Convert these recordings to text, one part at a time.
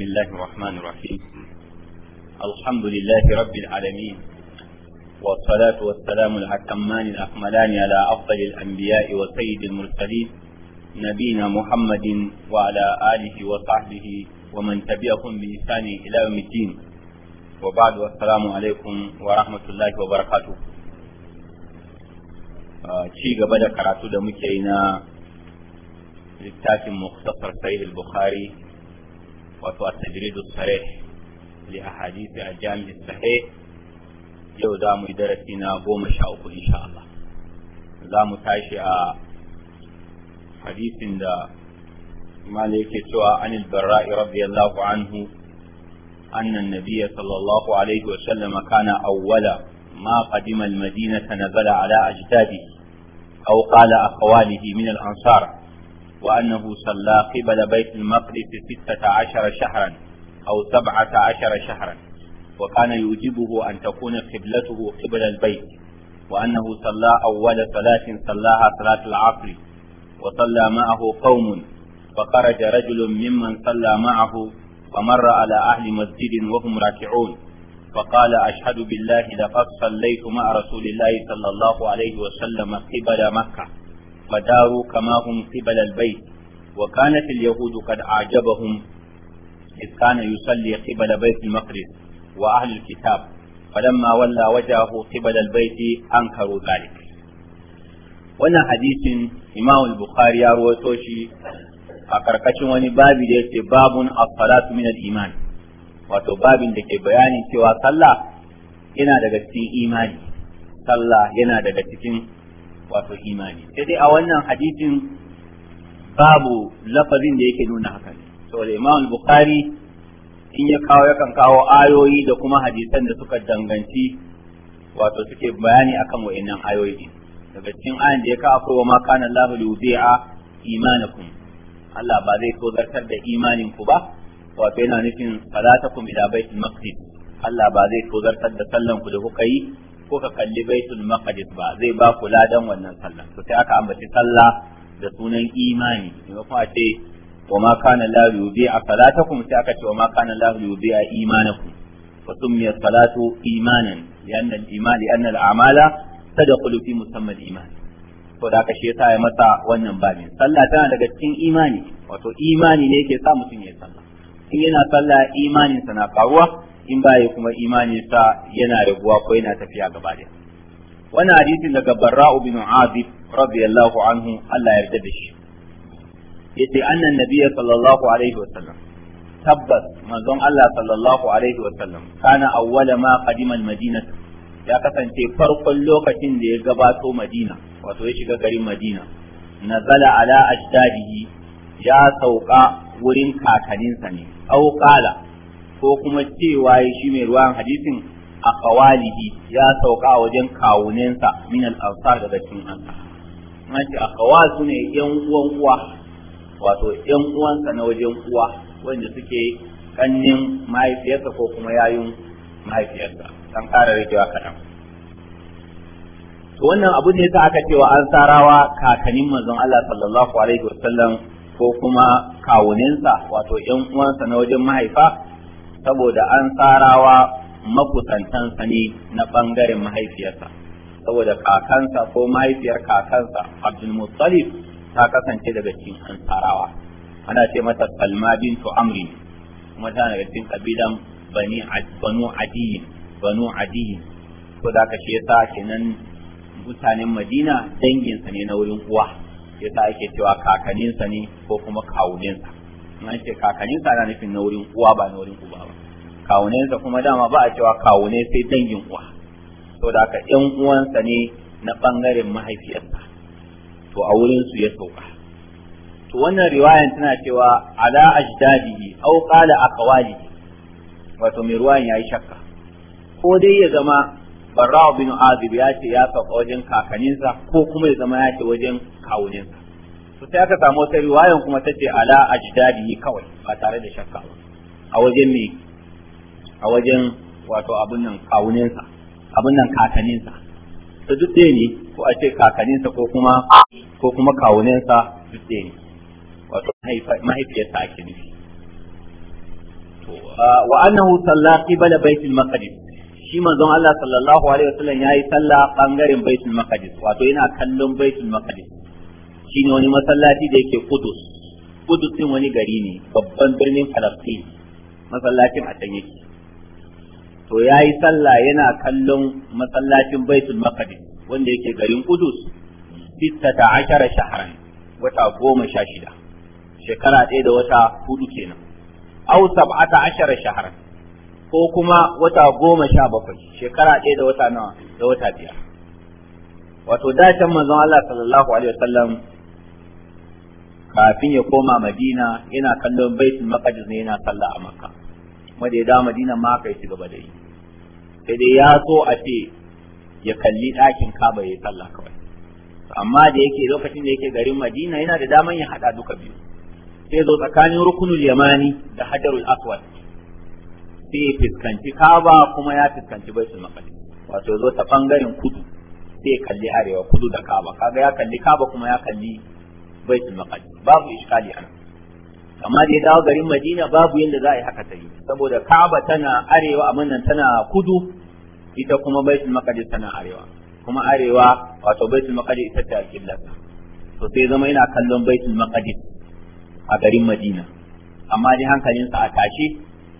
بسم الله الرحمن الرحيم الحمد لله رب العالمين والصلاة والسلام الأتمان الأكملان على أفضل الأنبياء وسيد المرسلين نبينا محمد وعلى آله وصحبه ومن تبعهم بإحسان إلى يوم الدين وبعد والسلام عليكم ورحمة الله وبركاته ci gaba da karatu da muke yi na littafin muktasar sahih al-bukhari wato at sare, sarih li ahadith a jami sare, yau za mu yi darasi na goma sha uku insha Allah za mu tashi a hadisin da imam yake cewa an al-barra'i radiyallahu anhu أن النبي صلى الله عليه وسلم كان أول ما قدم المدينة نزل على أجداده أو قال أخواله من الأنصار وأنه صلى قبل بيت المقدس ستة عشر شهرا أو سبعة عشر شهرا وكان يوجبه أن تكون قبلته قبل البيت وأنه صلى أول صلاة صلاها صلاة العصر وصلى معه قوم فخرج رجل ممن صلى معه فمر على أهل مسجد وهم راكعون فقال أشهد بالله لقد صليت مع رسول الله صلى الله عليه وسلم قبل مكة فداروا كما هم قبل البيت وكانت اليهود قد أعجبهم إذ كان يصلي قبل بيت المقدس وأهل الكتاب فلما ولى وجهه قبل البيت أنكروا ذلك wannan hadisin Imam al-Bukhari ya rawaito shi a karkashin wani babi da yake babun as min iman wato babin da ke bayanin cewa sallah yana daga cikin imani sallah yana daga cikin wato imani sai dai a wannan hadisin babu lafazin da yake nuna haka saboda imam bukhari in ya kawo yakan kawo ayoyi da kuma hadisan da suka danganci wato suke bayani akan wa'annan ayoyi daga cikin ayan da ya kawo akwai wa ma kana Allahu yuzi'a imanakum Allah ba zai tozartar da imanin ku ba wato yana nufin salatakum ila baitul maqdis Allah ba zai tozartar da sallan ku da kuka yi ko ka kalli baitul maqdis ba zai ba ku ladan wannan sallah to sai aka ambaci sallah da sunan imani maimakon a ce wa ma kana la yubi'a salatakum sai aka ce wa ma kana la yubi'a imanakum fa summiya salatu imanan lianna al-iman lianna al-a'mala tadkhulu fi musamma al-iman to da ka shi yasa ya masa wannan babin sallah tana daga cikin imani wato imani ne yake sa mutum ya sallah in yana sallah imanin sa na faruwa in baya kuma sa yana raguwa ko yana tafiya gaba da wannan hadisin daga barra'u bin azib radiyallahu anhu Allah ya yarda da shi yace annan nabiyyi sallallahu alaihi sallam, tabbas manzon Allah sallallahu alaihi sallam, kana awwala ma qadima al ya kasance farkon lokacin da ya gabato madina wato ya shiga garin madina nazala ala ajdadihi ya sauka wurin kakaninsa ne au qala ko kuma cewa shi mai ruwan hadisin a kawalihi ya sauka a wajen kawunensa min al-ansar daga cikin ansar an ce a kawal sune yan uwan uwa wato yan uwansa na wajen uwa wanda suke kannin mahaifiyarsa ko kuma yayin mahaifiyarsa don kara rikewa kaɗan to wannan abu ne ta aka cewa an sarawa kakannin manzon Allah sallallahu alaihi wasallam ko kuma kawuninsa wato yan uwansa na wajen mahaifa saboda an tsarawa makusantan ne na ɓangaren mahaifiyarsa saboda kakansa ko mahaifiyar kakansa abdulmuttalib ta kasance daga cikin an tsarawa. ana ce mata salma bintu amri kuma tana daga cikin kabilan bani banu adiyi banu adiyi to da ka shi yasa kenan mutanen madina danginsa ne na wurin uwa yasa ake cewa kakanninsa ne ko kuma kawuninsa na ce kakannin sa na nufin na wurin uwa ba na wurin uba ba kawunensa kuma dama ba a cewa kawune sai dangin uwa da ka yan uwansa ne na bangaren mahaifiyarsa to a wurin su ya sauka to wannan riwayan tana cewa ala ajdadihi aw qala aqwali wato mai ruwan yayi shakka ko dai ya zama barra bin azib ya ce ya sauka wajen kakaninsa ko kuma ya zama ya ce wajen kawunensa? to sai aka samu wata riwayan kuma tace ala ajdadihi kawai ba tare da shakka ba a wajen ne a wajen wato abun nan kawuninsa abun nan kakaninsa to duk dai ne ko a ce kakaninsa ko kuma ko kuma kawuninsa duk dai ne wato mahaifiyarsa ake nufi to wa annahu salla qibala baitul maqdis shi manzon Allah sallallahu alaihi wasallam yayi sallah bangaren baitul maqdis wato yana kallon baitul maqdis shine wani masallaci da yake Qudus Qudus din wani gari ne babban birnin Palestine masallacin a can yake to yayi sallah yana kallon masallacin Baitul Maqdis wanda yake garin Qudus 16 shahran wata goma sha shida shekara ɗaya da wata hudu kenan aw sab'ata ashara shahran ko kuma wata goma sha bakwai shekara ɗaya da wata nawa da wata biyar wato da can manzon Allah sallallahu alaihi wasallam kafin ya koma madina yana kallon baitul maqdis ne yana sallah a makka kuma da ya dawo madina ma kai shi gaba da yi sai dai ya so a ce ya kalli ɗakin kaba ya sallah kawai amma da yake lokacin da yake garin madina yana da daman ya hada duka biyu sai zo tsakanin rukunul yamani da hadarul aswad sai ya fuskanci kaba kuma ya fuskanci baitul maqdis wato zo ta bangaren kudu sai ya kalli arewa kudu da kaba kaga ya kalli kaba kuma ya kalli baitul maqdis babu iskali an amma da ya dawo garin Madina babu yanda za a yi haka saboda Ka'aba tana arewa a nan tana kudu ita kuma baitul maqdis tana arewa kuma arewa wato baitul maqdis ita ta alqibla to sai zama yana kallon baitul maqdis a garin Madina amma dai hankalinsa a tashi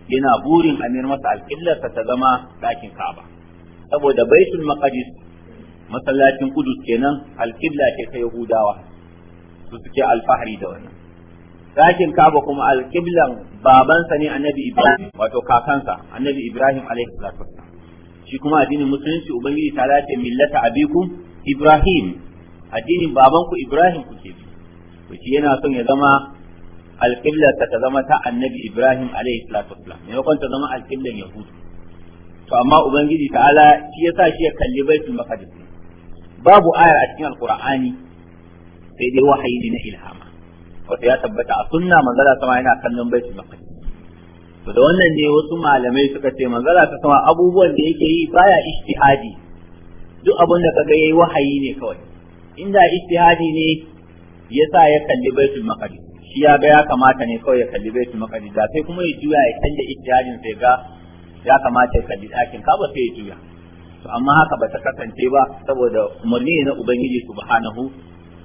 yana burin amir masa alƙillarsa ta zama ɗakin Ka'aba saboda baitul maqdis masallacin Kudus kenan alƙibla ce ta Yahudawa su suke alfahari da wani. Dakin kaba kuma alƙiblan babansa ne annabi ibrahim wato kakansa annabi ibrahim alaihi salatu shi kuma addinin musulunci ubangiji ta dace millata abikum ibrahim addinin babanku ibrahim kuke bi to shi yana son ya zama alƙiblar ta zama ta annabi ibrahim alaihi salatu wasalam maimakon ta zama alƙiblar yahudu to amma ubangiji ta'ala shi yasa shi ya kalli baitul maqdis babu ayar a cikin alqur'ani sai dai wahayi ne na ilhama wato ya tabbata a sunna manzala sama yana kallon baitul maqdis to da wannan ne wasu malamai suka ce manzala ta sama abubuwan da yake yi baya ijtihadi duk abin da kaga yayi wahayi ne kawai inda ijtihadi ne yasa ya kalli baitul maqdis shi ya ga ya kamata ne kawai ya kalli baitul maqdis da sai kuma ya juya ya kalli ijtihadin sai ga ya kamata ya kalli ɗakin kaba sai ya juya to amma haka ba ta kasance ba saboda umarni ne na ubangiji subhanahu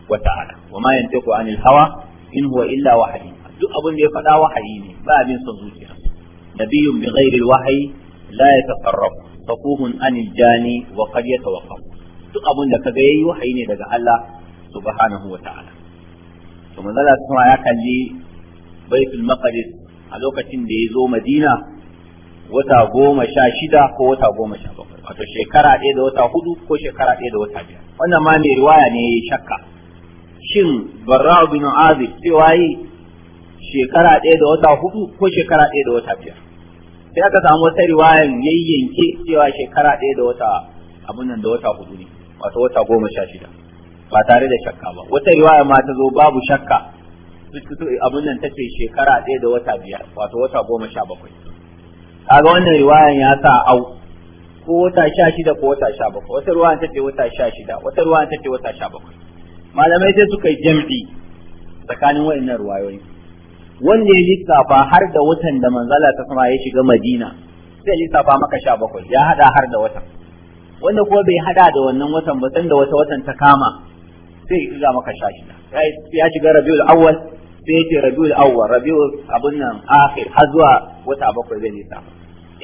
wa ta'ala wa yantiqu anil hawa in huwa illa wahyi duk abin da ya faɗa wahayi ne ba abin son zuciya nabiyyun bi ghairi al-wahyi la faquhun anil jani wa qad yatawaqqaf duk abin da kaga yayi wahayi ne daga Allah subhanahu wa ta'ala to manzala kuma ya kalli baitul maqdis a lokacin da ya zo madina wata goma sha shida ko wata goma sha bakwai wato shekara ɗaya da wata hudu ko shekara ɗaya da wata biyar wannan ma mai riwaya ne ya yi shakka shin barra bin azib cewa yi shekara ɗaya da wata hudu ko shekara ɗaya da wata biyar sai aka samu wata riwayan yayyanke cewa shekara ɗaya da wata abun nan da wata hudu ne wato wata goma sha shida ba tare da shakka ba wata riwaya ma ta zo babu shakka abun nan ta ce shekara ɗaya da wata biyar wato wata goma sha bakwai kaga wannan riwayan ya sa au ko wata sha shida ko wata sha bakwai wata ruwa ta ce wata sha shida wata ruwa ta ce wata sha bakwai malamai sai suka yi jam'i tsakanin waɗannan ruwayoyi wanda ya lissafa har da watan da manzala ta sama ya shiga madina sai lissafa maka sha bakwai ya hada har da watan wanda kuma bai hada da wannan watan ba san da wata watan ta kama sai ya ga maka sha shida ya shiga rabiul awwal sai ya ce rabiul awwal rabiul abun nan akhir har zuwa wata bakwai zai lissafa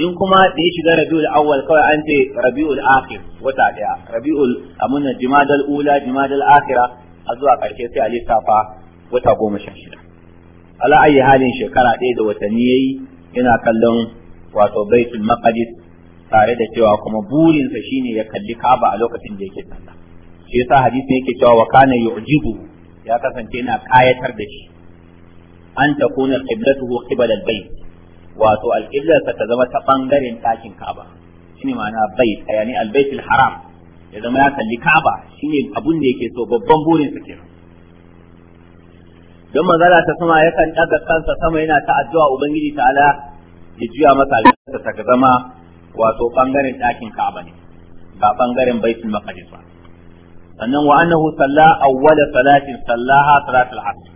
in kuma da ya shiga rabi'ul awwal kawai an ce rabi'ul akhir wata daya rabi'ul amun jimadal ula jimadal akhira a zuwa karshe sai a lissafa wata goma sha shida ala ayi halin shekara ɗaya da watanni yayi yana kallon wato baitul maqdis tare da cewa kuma burinsa shine ya kalli kaba a lokacin da yake sallah shi yasa hadisi yake cewa wa kana yu'jibu ya kasance yana kayatar da shi an takuna qiblatuhu qibala al-bayt wato alƙiblarsa ta zama ta ɓangaren ɗakin Ka'aba shine ma'ana bait yani albaitul haram ya zama ya kalli Ka'aba shine abun da yake so babban burin sa kenan don manzala ta sama yakan ɗaga kansa sama yana ta addu'a ubangiji ta'ala ya juya masa alƙiblarsa ta zama wato ɓangaren ɗakin Ka'aba ne ba ɓangaren baitul maqdis ba sannan wa annahu salla awwala salatin sallaha salatul asr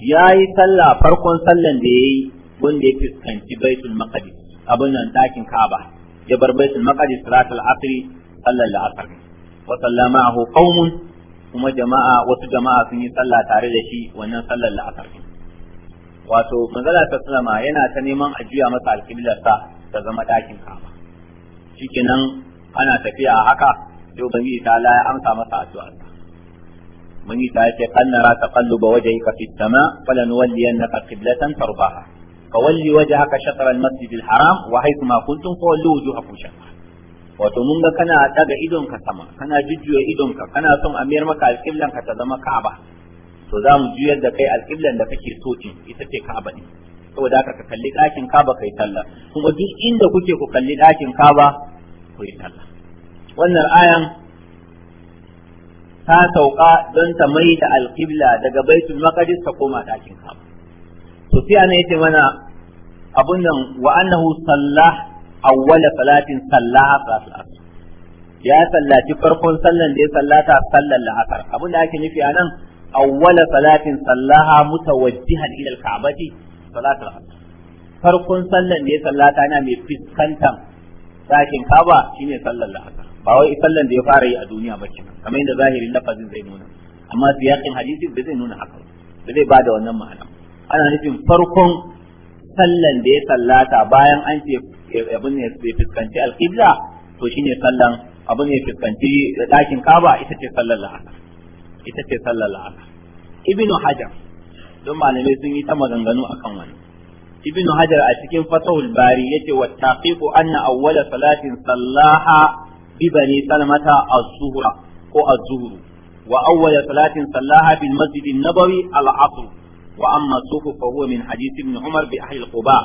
yayi sallah farkon sallan da yayi wanda ya fuskanci baitul maqdis abin nan dakin Ka'aba ya bar baitul maqdis salatul asri sallar la'asar wa sallamahu qaumun kuma jama'a wasu jama'a sun yi sallah tare da shi wannan sallar la'asar wato manzala ta sallama yana ta neman a juya masa alkiblarsa ta zama dakin Ka'aba shikenan ana tafiya haka sai ubangiji ta la ya amsa masa addu'a من يتعالى قال نرى تقلب وجهك في na فلنولينك قبلة ترضاها fawalli wajhaka shatr al-masjid al-haram wa haythuma kuntum fawallu wujuhakum shatr wato mun ga kana daga idon ka sama kana jujjuya idon ka kana son a mayar maka alƙiblan ka ta zama Ka'aba to za mu juyar da kai alƙiblan da kake so din ita ce Ka'aba ne saboda haka ka kalli ɗakin Ka'aba kai sallah kuma duk inda kuke ku kalli ɗakin Ka'aba ku yi sallah wannan ayan ta sauka don ta mai da alƙibla daga baitul maqdis ta koma ɗakin Ka'aba to sai ana yace mana abun nan wa annahu sallah awwala salatin sallaha salatul asr ya sallaci farkon sallan da ya sallata sallan la'asar abun da ake nufi anan awwala salatin sallaha mutawajjihan ila al-ka'bati salatul asr farkon sallan da ya sallata yana mai fiskantan dakin kaba shine sallan la'asar ba wai sallan da ya fara yi a duniya ba kenan kamar yadda zahirin lafazin zai nuna amma siyakin hadisi ba zai nuna haka ba zai bada wannan ma'ana ana nufin farkon sallan da ya sallata bayan an ce eh, abin ne ya fuskanci alƙibla to shine sallan abin ya fuskanci dakin kaba ita ce sallar la'asar ita ce sallar la'asar ibnu hajar don malamai sun yi ta maganganu akan wani ibnu hajar a cikin fatahul bari yace wa taqiqu anna awwala salatin sallaha bi bani salmata az-zuhra ko az-zuhru wa awwala salatin sallaha bil masjid an-nabawi al-'asr وأما الصوف فهو من حديث ابن عمر بأهل القباء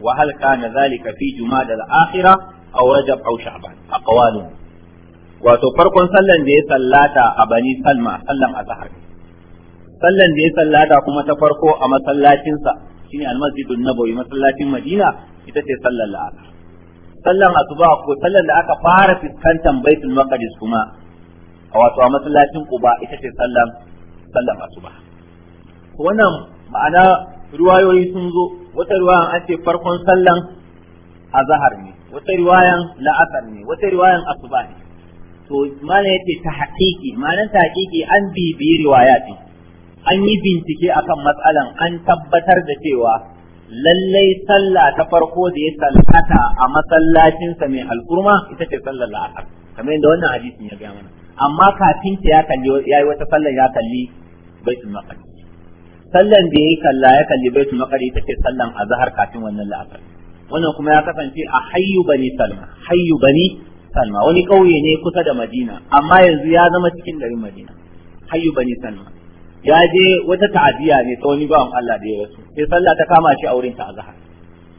وهل كان ذلك في جماد الآخرة أو رجب أو شعبان أقوال wato farkon sallan da ya sallata a bani salma sallan azhar sallan da ya sallata kuma ta farko a masallacin sa shine almasjidun nabawi masallacin madina ita ce sallan la'a sallan asuba ko sallan da aka fara fuskantar baitul maqdis kuma wato a masallacin quba ita ce sallan sallan asuba wannan ma'ana ruwayoyi sun zo wata ruwayan an ce farkon sallan azahar ne wata ruwayan la'asar ne wata ruwayan asuba ne to mana yace ta haƙiƙi ma'anar ta haƙiƙi an bibiyi riwayati an yi bincike akan matsalan an tabbatar da cewa lallai sallah ta farko da ya sallata a masallacinsa mai alkurma ita ce sallar la'asar kamar yadda wannan hadisin ya gaya mana amma kafin ta ya kalli yi wata sallar ya kalli baitul maqdis sallan da yayi kalla ya kalli baitul maqdis take sallan azhar kafin wannan la'asar wannan kuma ya kasance a hayyu bani salma hayyu bani salma wani kauye ne kusa da madina amma yanzu ya zama cikin garin madina hayyu bani salma ya je wata ta'aziyya ne ta wani bawan Allah da ya rasu sai sallah ta kama shi a wurin ta azhar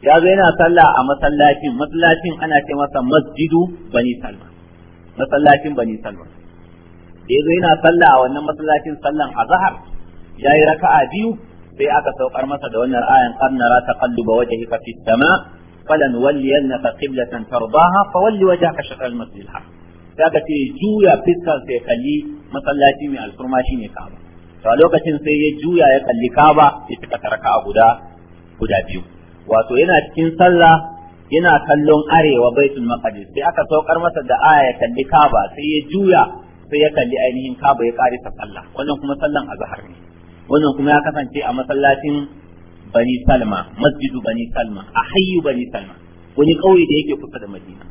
ya zo yana sallah a masallacin masallacin ana ce masa masjidu bani salma masallacin bani salma da ya zo yana sallah a wannan masallacin sallan azhar Ya yi raka'a biyu sai aka saukar masa da wannan ayan na rata qad nara taqalluba wajhika fis sama falan walliyannaka qiblatan tardaha walli waje shatr shakar masu al haram zaka ce juya fiskar sai kalli masallaci mai alfurma shine Ka'aba to a lokacin sai ya juya ya kalli Ka'aba ya cika taraka guda guda biyu wato yana cikin sallah yana kallon arewa baitul maqdis sai aka saukar masa da aya ya kalli kaba sai ya juya sai ya kalli ainihin kaba ya karisa sallah wannan kuma sallan azhar ne wannan kuma ya kasance a masallacin bani salma masjidu bani salma a hayyu bani salma wani kauye da yake kusa da madina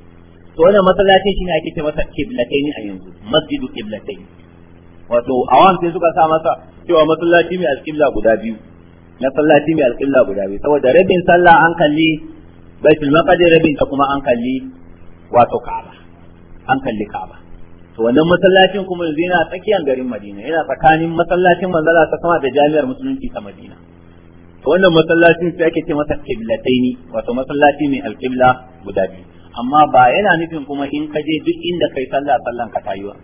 to wannan masallacin shi ne ake ce masa qiblatayn a yanzu masjidu qiblatayn wato awam sai suka sa masa cewa masallaci mai alqibla guda biyu masallaci mai alqibla guda biyu saboda rabin sallah an kalli baitul maqdis rabin ta kuma an kalli wato ka'aba an kalli ka'aba to wannan masallacin kuma yanzu yana tsakiyar garin Madina yana tsakanin masallacin manzala ta sama da jami'ar musulunci ta Madina to wannan masallacin sai ake ce masa qiblataini wato masallaci mai alqibla guda biyu amma ba yana nufin kuma in ka je duk inda kai sallah sallan ka tayuwa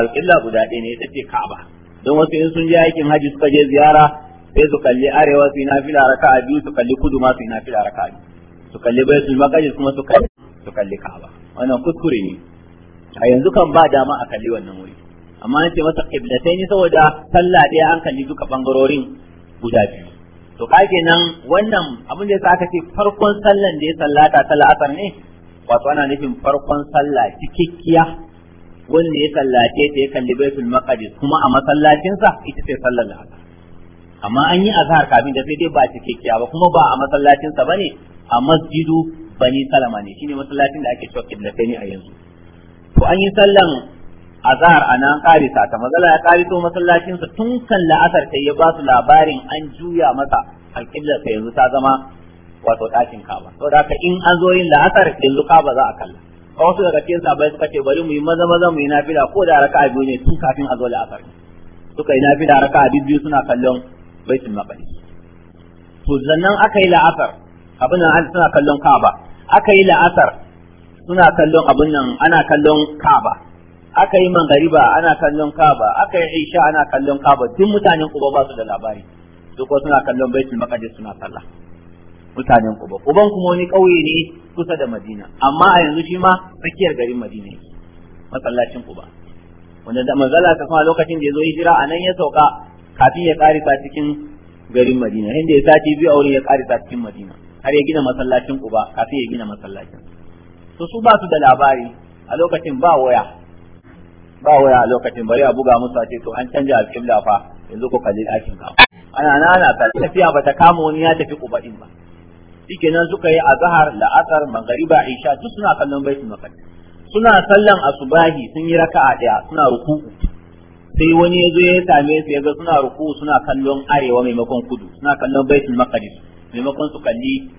alqibla guda ɗaya ne ita ce Ka'aba don wasu in sun je aikin haji suka je ziyara sai su kalli arewa su yi nafila raka'a biyu su kalli kudu ma su yi nafila raka'a biyu su kalli su maqdis kuma su kalli su kalli Ka'aba wannan kuskure ne a yanzu kan ba dama a kalli wannan wuri amma an ce masa kiblatai ne saboda sallah ɗaya an kalli duka ɓangarorin guda biyu to ka nan wannan abin da ya sa aka ce farkon sallan da ya sallata ta la'asar ne wato ana nufin farkon sallah cikikkiya wanda ya sallace ta ya kalli baitul maqdis kuma a masallacinsa ita ce sallar la'asar amma an yi azhar kafin da sai dai ba cikakkiya ba kuma ba a masallacinsa bane a masjidu bani salama ne shine masallacin da ake cewa ne a yanzu to an yi sallan azhar a nan karisa ta mazala ya kariso masallacin sa tun kan la'asar sai ya ba su labarin an juya masa alƙibla ta yanzu ta zama wato ɗakin kaba to da in an zo yin la'asar yanzu kaba za a kalla a wasu daga cikin sabai suka ce bari mu yi maza maza mu yi nafila ko da raka'a biyu ne tun kafin a zo la'asar suka yi nafila raka'a biyu suna kallon baitul maqdis to zannan aka yi la'asar abin nan suna kallon kaba aka yi la'asar suna kallon abun nan ana kallon Kaaba aka yi mangariba ana kallon Kaaba aka yi Isha ana kallon Kaaba duk mutanen Kuba ba su da labari duk ko suna kallon Baitul Maqdis suna sallah mutanen Kuba Kuban kuma wani kauye ne kusa da Madina amma a yanzu shi ma tsakiyar garin Madina masallacin Kuba wanda da manzala ta kuma lokacin da ya zo hijira a nan ya sauka kafin ya karisa cikin garin Madina inda ya sati biyu a wurin ya karisa cikin Madina har ya gina masallacin Kuba kafin ya gina masallacin to su ba su da labari a lokacin ba waya ba waya a lokacin bari a buga musu a ce to an canja alƙibla fa yanzu ko kalli ɗakin ka ana nana ta tafiya ba ta kama wani ya tafi kubaɗin ba shikenan suka yi azhar la'asar magariba isha duk suna kallon baitul maqdis suna sallan asubahi sun yi raka'a daya suna ruku'u sai wani ya zo ya same su ya ga suna ruku'u suna kallon arewa maimakon kudu suna kallon baitul maqdis maimakon su kalli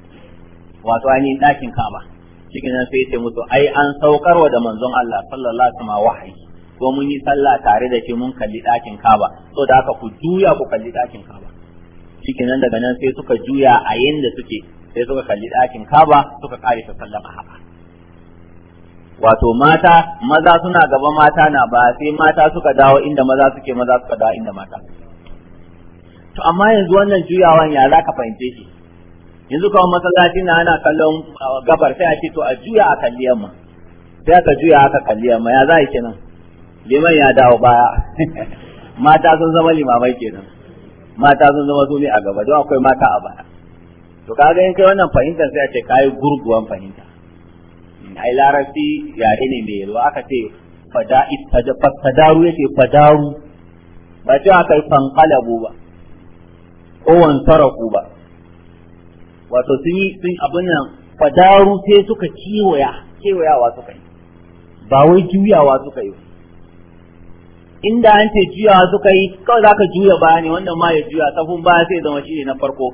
wato ainihin ɗakin kaba cikin nan sai ce musu ai an saukar wa da manzon Allah sallallahu alaihi wasallam wahayi ko mun yi sallah tare da ke mun kalli ɗakin Kaba so da haka ku juya ku kalli ɗakin Kaba cikin nan daga nan sai suka juya a yanda suke sai suka kalli ɗakin Kaba suka kare ta sallama haka wato mata maza suna gaba mata na ba sai mata suka dawo inda maza suke maza suka dawo inda mata to amma yanzu wannan juyawan ya za ka fahimce shi yanzu kawai masallaci na ana kallon gabar sai a ce to a juya a kalli yamma sai aka juya aka kalli yamma ya za a kenan liman ya dawo baya mata sun zama limamai kenan mata sun zama su a gaba don akwai mata a baya to kaga ga kai wannan fahimtar sai a ce kayi gurguwan fahimta ai larabci yare ne mai yalwa aka ce fada fadaru yake fadaru ba ce aka yi fankalabu ba ko wansaraku ba wato sun yi sun abin nan fadaru sai suka kiwaya kiwayawa suka yi ba wai juyawa suka yi inda an ce juyawa suka yi kawai zaka juya baya ne wannan ma ya juya safun baya sai zama shi ne na farko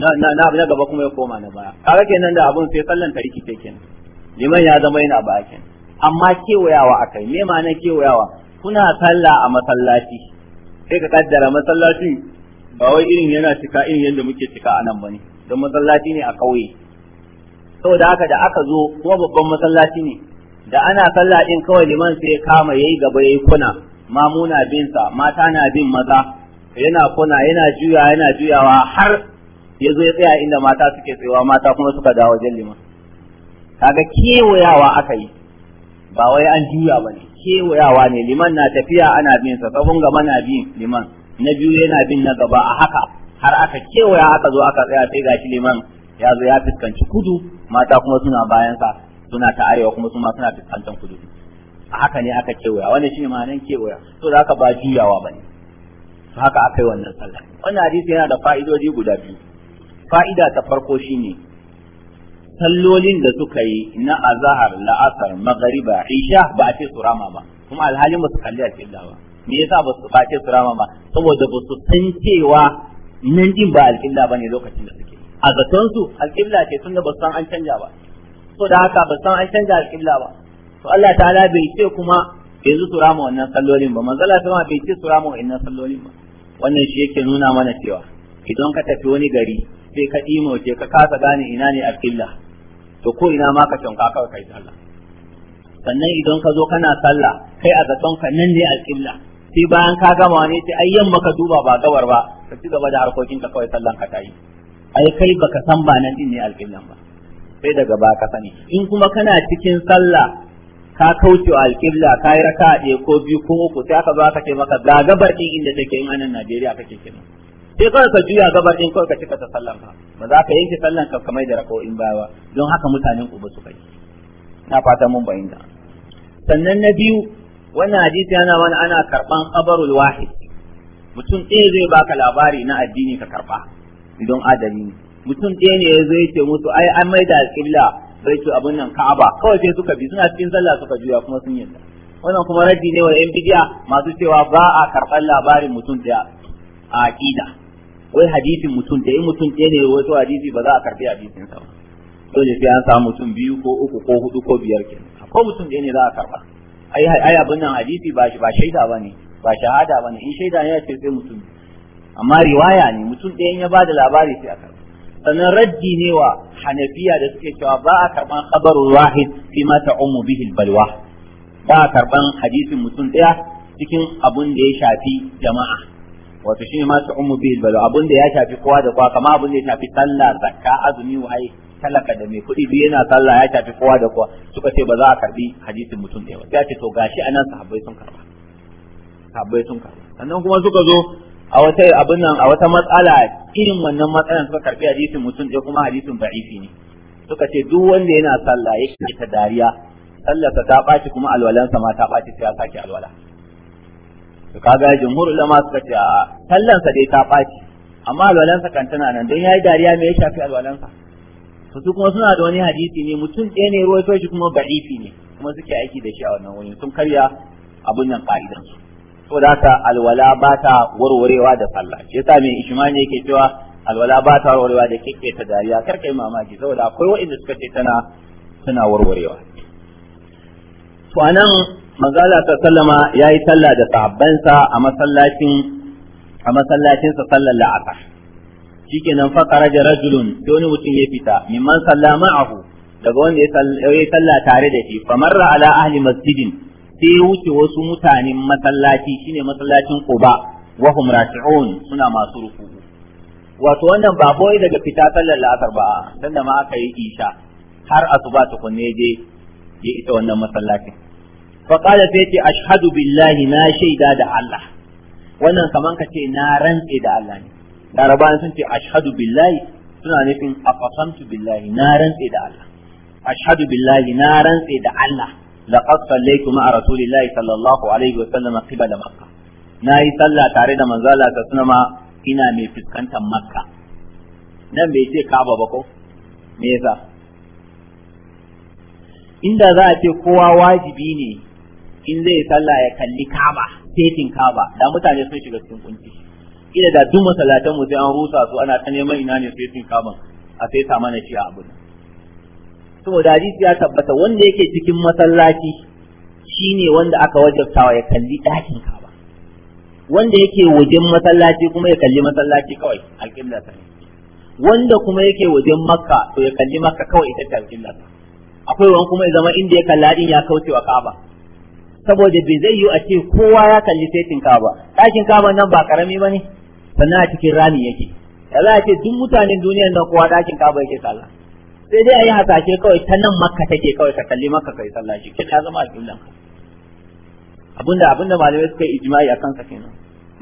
na na na gaba kuma ya koma na baya kaga kenan da abin sai sallan ta rikice kenan liman ya zama yana baya kenan amma kewayawa akai me ma'anar kewayawa kuna sallah a masallaci sai ka kaddara masallacin ba wai irin yana cika irin yadda muke cika a nan bane Da masallaci ne a ƙauye saboda haka da aka zo kuma babban masallaci ne da ana sallah din kawai liman sai kama yayi gaba yayi kuna mamuna bin sa mata na bin maza yana kuna yana juya yana juyawa har ya ya tsaya inda mata suke tsayawa mata kuma suka dawo wajen liman kaga kewayawa aka yi ba wai an juya ba ne kewayawa ne liman na tafiya ana bin sa sabon gaba na bin liman na biyu yana bin na gaba a haka har aka kewaya aka zo aka tsaya sai gashi liman ya zo ya fuskanci kudu mata kuma suna bayansa suna ta arewa kuma suma suna fuskantar kudu a haka ne aka kewaya wannan shine ma'anar kewaya to da aka ba juyawa bane to haka aka yi wannan sallah wannan hadisi yana da fa'idodi guda biyu fa'ida ta farko shine sallolin da suka yi na azahar la'asar magariba isha ba a ce su rama ba kuma alhalin ba su kalli a ba me yasa ba su ba ce su rama ba saboda ba su san cewa nan din ba alƙibla bane lokacin da suke a zaton su alƙibla ce tunda ba san an canja ba so da haka ba san an canja alƙibla ba to Allah ta'ala bai ce kuma zu su rama wannan sallolin ba manzala ma bai ce su rama wannan sallolin ba wannan shi yake nuna mana cewa idan ka tafi wani gari sai ka imoce ka kasa gane ina ne alƙibla to ko ina ma ka canka kawai kai sallah sannan idan ka zo kana sallah kai a zaton ka nan ne alƙibla sai bayan ka gama ne sai ai yamma ka duba ba gabar ba ka ci gaba da harkokin ka kawai sallan ka tayi ai kai baka san ba nan din ne alƙiblan ba sai daga ba ka sani in kuma kana cikin sallah ka kauce alƙibla ka yi raka ɗaya ko biyu ko uku sai aka zo aka ce maka ga gabar din inda take in anan Najeriya kake kenan sai kawai ka juya gabar din kawai ka cika ta sallan ka ba za ka yanke sallan ka kamar da rako'in bayawa don haka mutanen ku ba su yi na fata mun bayyana sannan na biyu wannan hadisi yana mana ana karban khabarul wahid mutum ɗaya zai baka labari na addini ka karba idan adali mutum ɗaya ne ya zai ce musu ai an maida alƙibla bai ce abin nan ka'aba kawai sai suka bi suna cikin sallah suka juya kuma sun yi wannan kuma raddi ne wa yan bidiya masu cewa ba a karban labarin mutum ɗaya a aqida wai hadisin mutum ɗaya mutum ɗaya ne wato hadisi ba za a karbi hadisin sa ba dole sai an samu mutum biyu ko uku ko hudu ko biyar kenan ko mutum ɗaya ne za a karba ai ai abin nan hadisi ba ba shaida bane ba shahada bane in shaida ne ya ce sai mutum amma riwaya ne mutum ɗayan ya bada labari sai aka sannan raddi ne wa hanafiya da suke cewa ba a karban khabarul wahid fi ma ta'ummu bihi balwa ba a karban hadisin mutum ɗaya cikin abun da ya shafi jama'a wato shine ma ta'ummu bihi balwa abun da ya shafi kowa da kowa kamar abun da ya shafi sallah zakka azumi wa'i talaka da mai kuɗi biyu yana sallah ya tafi kowa da kowa suka ce ba za a karbi hadisin mutum ɗaya ba ya ce to gashi anan sahabbai sun karba sahabbai sun karba sannan kuma suka zo a wata abin nan a wata matsala irin wannan matsalan suka karbi hadisin mutum ɗaya kuma hadisin ba'ifi ne suka ce duk wanda yana sallah ya ke ta dariya sallarsa ta ɓaci kuma alwalansa ma ta ɓaci sai ya sake alwala to kaga jumhur ulama suka ce a sallansa dai ta ɓaci amma alwalansa kan tana nan don ya yi dariya me ya shafi alwalansa to su kuma suna da wani hadisi ne mutum ɗaya ne ruwaito shi kuma ba'ifi ne kuma suke aiki da shi a wannan wani, sun karya abin nan ka'idan su da haka alwala ba ta warwarewa da sallah shi yasa mai ishmani yake cewa alwala ba ta warwarewa da kike ta dariya kar kai mamaki saboda akwai wa'inda suka ce tana tana warwarewa to anan manzala ta sallama yayi sallah da sahabbansa a masallacin a masallacin sa sallar la'asar shikenan fa kharaja rajulun sai wani mutum ya fita mimman sallama ahu daga wanda ya salla tare da shi famarra ala ahli masjidin sai wuce wasu mutanen masallaci shine masallacin Quba wa hum raki'un suna masu ruku'u wato wannan ba boye daga fita sallar la'asar ba dan da ma aka yi isha har asuba tukunne je ya ita wannan masallacin fa sai ce ashhadu billahi na shaida da Allah wannan kaman kace na rantse da Allah ne larabawa sun ce ashadu billahi suna nufin aqasamtu billahi na rantse da Allah ashadu billahi na rantse da Allah laqad sallaytu ma'a rasulillahi sallallahu alaihi wa sallam qibla makkah nayi sallah tare da manzo Allah ta sunama ina mai fuskantar makka nan bai ce kaba ba ko me yasa inda za a ce kowa wajibi ne in zai sallah ya kalli kaba setin kaba da mutane sun shiga cikin kunci ina da duk masallatan mu sai an rusa su ana ta neman ina ne sai sun kama a sai ta mana shi a abu saboda hadisi ya tabbata wanda yake cikin masallaci shine wanda aka wajabtawa ya kalli ɗakin kaba wanda yake wajen masallaci kuma ya kalli masallaci kawai alƙibla ta wanda kuma yake wajen makka to ya kalli makka kawai ita ta alƙibla ta akwai wani kuma ya zama inda ya kalla din ya kauce wa kaba saboda bai zai yi a ce kowa ya kalli saitin kaba ɗakin kaba nan ba karami ba ne sannan a cikin rami yake da za a ce duk mutanen duniya nan kowa dakin kaba yake sallah sai dai a yi hasashe kawai ta nan makka take kawai ka kalli makka kai sallah shi ke ta zama alƙiblan abinda abinda malamai suka yi ijma'i a kan kenan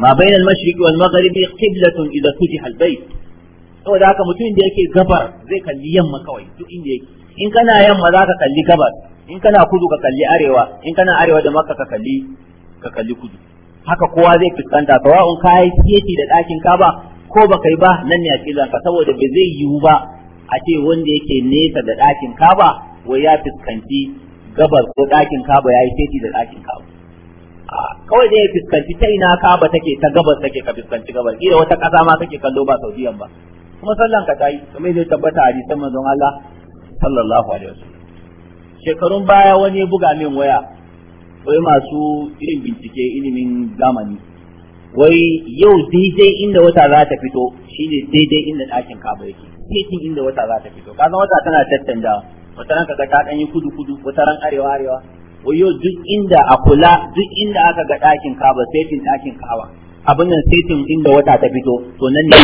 ma bainal mashriqi wal maghribi qiblatun idza futiha al bayt saboda haka mutum da yake gabar zai kalli yamma kawai duk inda yake in kana yamma za ka kalli gabar in kana kudu ka kalli arewa in kana arewa da makka ka kalli ka kalli kudu haka kowa zai fuskanta sawa'un ka yi siyeti da ɗakin ka ba ko ba kai ba nan ne a cikin ka saboda ba zai yiwu ba a ce wanda yake nesa da ɗakin ka ba wai ya fuskanci gabar ko ɗakin ka ba yayi siyeti da ɗakin ka kawai zai fuskanci ta ina ka ba take ta gabar take ka fuskanci gabar kila wata ƙasa ma take kallo ba saudiyan ba kuma sallan ka tayi kuma zai tabbata a hadisan manzon Allah sallallahu alaihi wasallam shekarun baya wani buga min waya akwai masu irin bincike ilimin zamani wai yau daidai inda wata za ta fito shine daidai inda ɗakin kaba yake titin inda wata za ta fito kasan wata tana tattanda wata ran kaga ta ɗanyi kudu kudu wata ran arewa arewa wai yau duk inda a kula duk inda aka ga ɗakin kaba setin ɗakin kaba abin nan setin inda wata ta fito to nan ne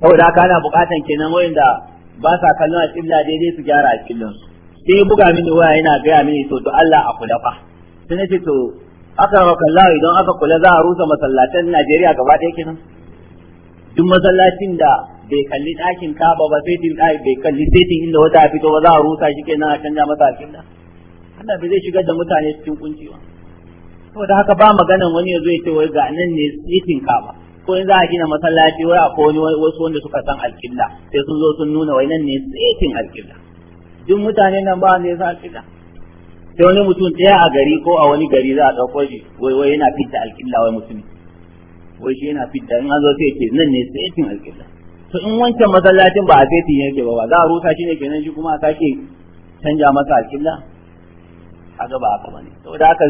saboda haka ana buƙatan kenan wayanda ba sa kallon a daidai su gyara a su sai ya buga mini waya yana gaya mini to to Allah a kula fa sai na ce to aka raka Allah idan aka kula za a rusa masallatan Najeriya gaba ɗaya kenan duk masallacin da bai kalli ɗakin Kaaba ba sai din ɗaki bai kalli setin inda wata fito ba za a rusa shi kenan a canja masa akida Allah bai zai shigar da mutane cikin kunci ba saboda haka ba maganan wani ya zo ya ce wai ga nan ne setin Kaaba ko in za a gina masallaci wai akwai wasu wanda suka san alƙibla sai sun zo sun nuna wai nan ne setin alƙibla duk mutane nan ba ne sa alƙibla sai wani mutum ɗaya a gari ko a wani gari za a ɗauko shi wai wai yana fitta alƙibla wai mutumin wai shi yana fitta in an zo sai ce nan ne saitin alƙilla to in wancan masallacin ba a saitin yake ba ba za a rusa shi ne kenan shi kuma a sake canja masa alƙilla a gaba haka ba ne saboda haka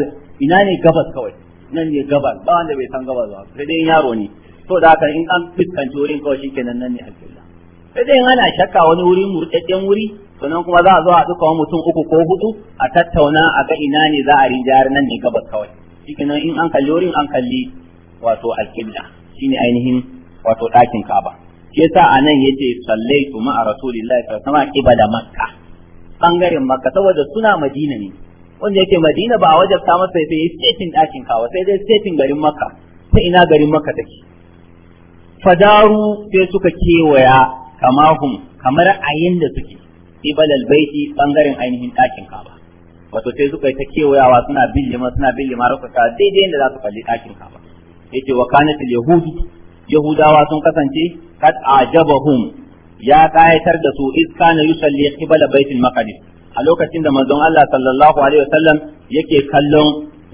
ina ne gabas kawai nan ne gabas ba wanda bai san gabas ba sai dai yaro ne To da haka in an fuskanci wurin kawai shi kenan nan ne alƙilla sai dai in ana shakka wani wuri murɗaɗɗen wuri sannan kuma za a zo a duka wa mutum uku ko hudu a tattauna a ga ina ne za a rinjayar nan ne gabas kawai cikin nan in an kalli wurin an kalli wato alƙibla shine ainihin wato ɗakin Ka'aba ke sa a nan yace sallaitu ma'a rasulillahi sallallahu alaihi wasallam da makka bangaren makka saboda suna madina ne wanda yake madina ba a wajabta masa sai yi setin ɗakin kaba sai dai setin garin makka ta ina garin makka take fadaru sai suka kewaya kamahum kamar ayin da suke ibalal baiti bangaren ainihin ɗakin kaba wato sai suka yi ta kewayawa suna billima suna billima rakuta daidai da za su kalli ɗakin kaba yace wa kanat yahud yahudawa sun kasance kad ajabahum ya kayatar da su iz kana yusalli qibala baitul maqdis a lokacin da manzon Allah sallallahu alaihi wasallam yake kallon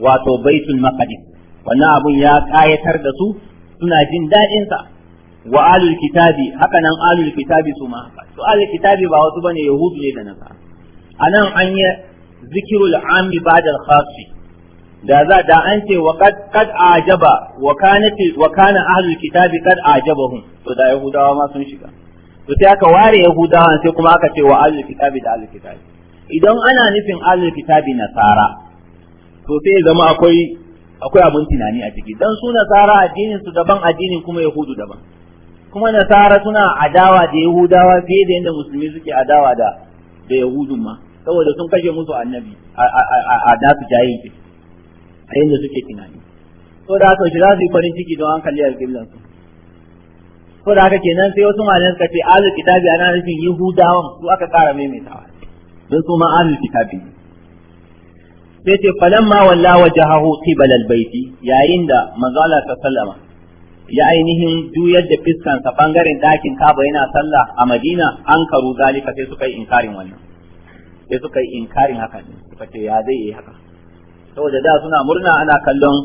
wato baitul maqdis wannan abun ya kayatar da su suna jin daɗinsa sa wa alul kitabi haka nan alul kitabi su ma haka Su ahli kitabi ba wasu bane yahudu ne da nasara anan an yi zikirul ammi ba'da al-khasi da za da an ce wa kad kad ajaba wa kanati wa kana ahlul kitabi kad ajabahum to da yahudawa ma sun shiga to sai aka ware yahudawa sai kuma aka ce wa ahlul kitabi da ahlul kitabi idan ana nufin ahlul kitabi nasara to sai zama akwai akwai abun tunani a ciki dan su nasara addinin su daban addinin kuma yahudu daban kuma nasara suna adawa da yahudawa fiye da yadda musulmi suke adawa da da yahudun ma saboda sun kashe musu annabi a nasu ke a yadda suke tunani da aka shi za su yi farin ciki don an kalli alƙiblan su da haka kenan sai wasu malamai suka ce alu kitabi ana nufin yahudawan su aka kara maimaitawa don su ma alu kitabi sai ce falamma walla wajahahu qibala albayti yayin da manzo Allah sallama ya ainihin juyar da fiskansa bangaren dakin kaba yana sallah a madina an karu zalika sai suka yi inkarin wannan sai suka yi inkarin haka ne suka ce ya zai yi haka saboda da suna murna ana kallon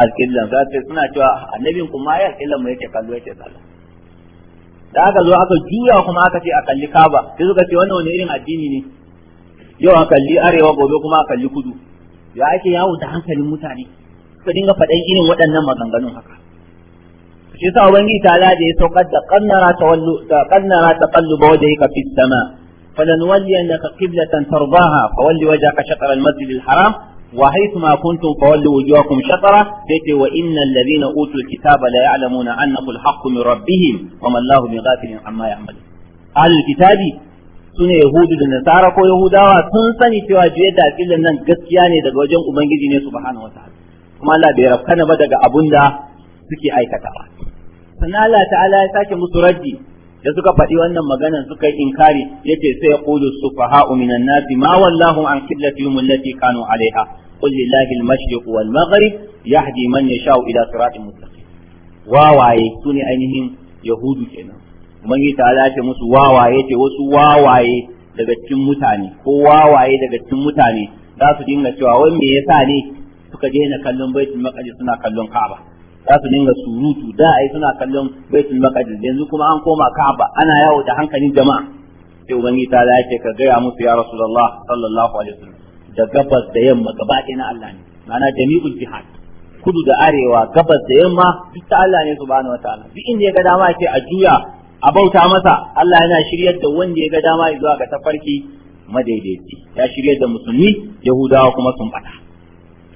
alƙillan za su suna cewa annabin kuma ya alƙillan mu yake kallo yake sallah da aka zo aka juya kuma aka ce a kalli kaba sai suka ce wannan wani irin addini ne yau a kalli arewa gobe kuma a kalli kudu ya ake yawo da hankalin mutane suka dinga faɗan irin waɗannan maganganun haka yasa ubangiji ta la da ya saukar da kannara ta wallu da kannara wajen yaka fi sama falan walli an tarbaha fa walli wajen ka shakar almasjid alharam wa haythu ma kuntum fa walli shakara sai ce wa inna alladhina utul kitaba la ya'lamuna annahu alhaq min rabbihim wa ma allahu bi ghafilin amma ya'malun ahlul kitabi sune yahudu da nasara ko yahudawa sun sani cewa jiya da kibla nan gaskiya ne daga wajen ubangiji ne subhanahu wa ta'ala kuma Allah bai ba daga abun da suke aikata. sannan Allah ta'ala ya sake musu raddi da suka faɗi wannan maganan suka yi inkari yace sai ya qulu sufaha'u minan nasi ma wallahu an qiblatihim allati kanu alaiha qul lillahi al-mashriq wal maghrib yahdi man yasha'u ila siratin mustaqim wawaye sune ainihin yahudu kenan ubangiji ta'ala ya ce musu wawaye ce wasu wawaye daga cikin mutane ko wawaye daga cikin mutane za su dinga cewa wai me yasa ne suka daina kallon baitul maqdis suna kallon ka'aba za su dinga surutu da ai suna kallon baitul maqdis yanzu kuma an koma ka'aba ana yawo da hankalin jama'a sai ubangi ta lace ka gaya musu ya rasulullah sallallahu alaihi wasallam da gabas da yamma gaba na Allah ne Mana jami'ul jihad kudu da arewa gabas da yamma duk ta Allah ne subhanahu wataala duk inda ya ga dama ce a juya a bauta masa Allah yana shiryar da wanda ya ga dama zuwa ga tafarki madaidaici ya shiryar da musulmi yahudawa kuma sun bata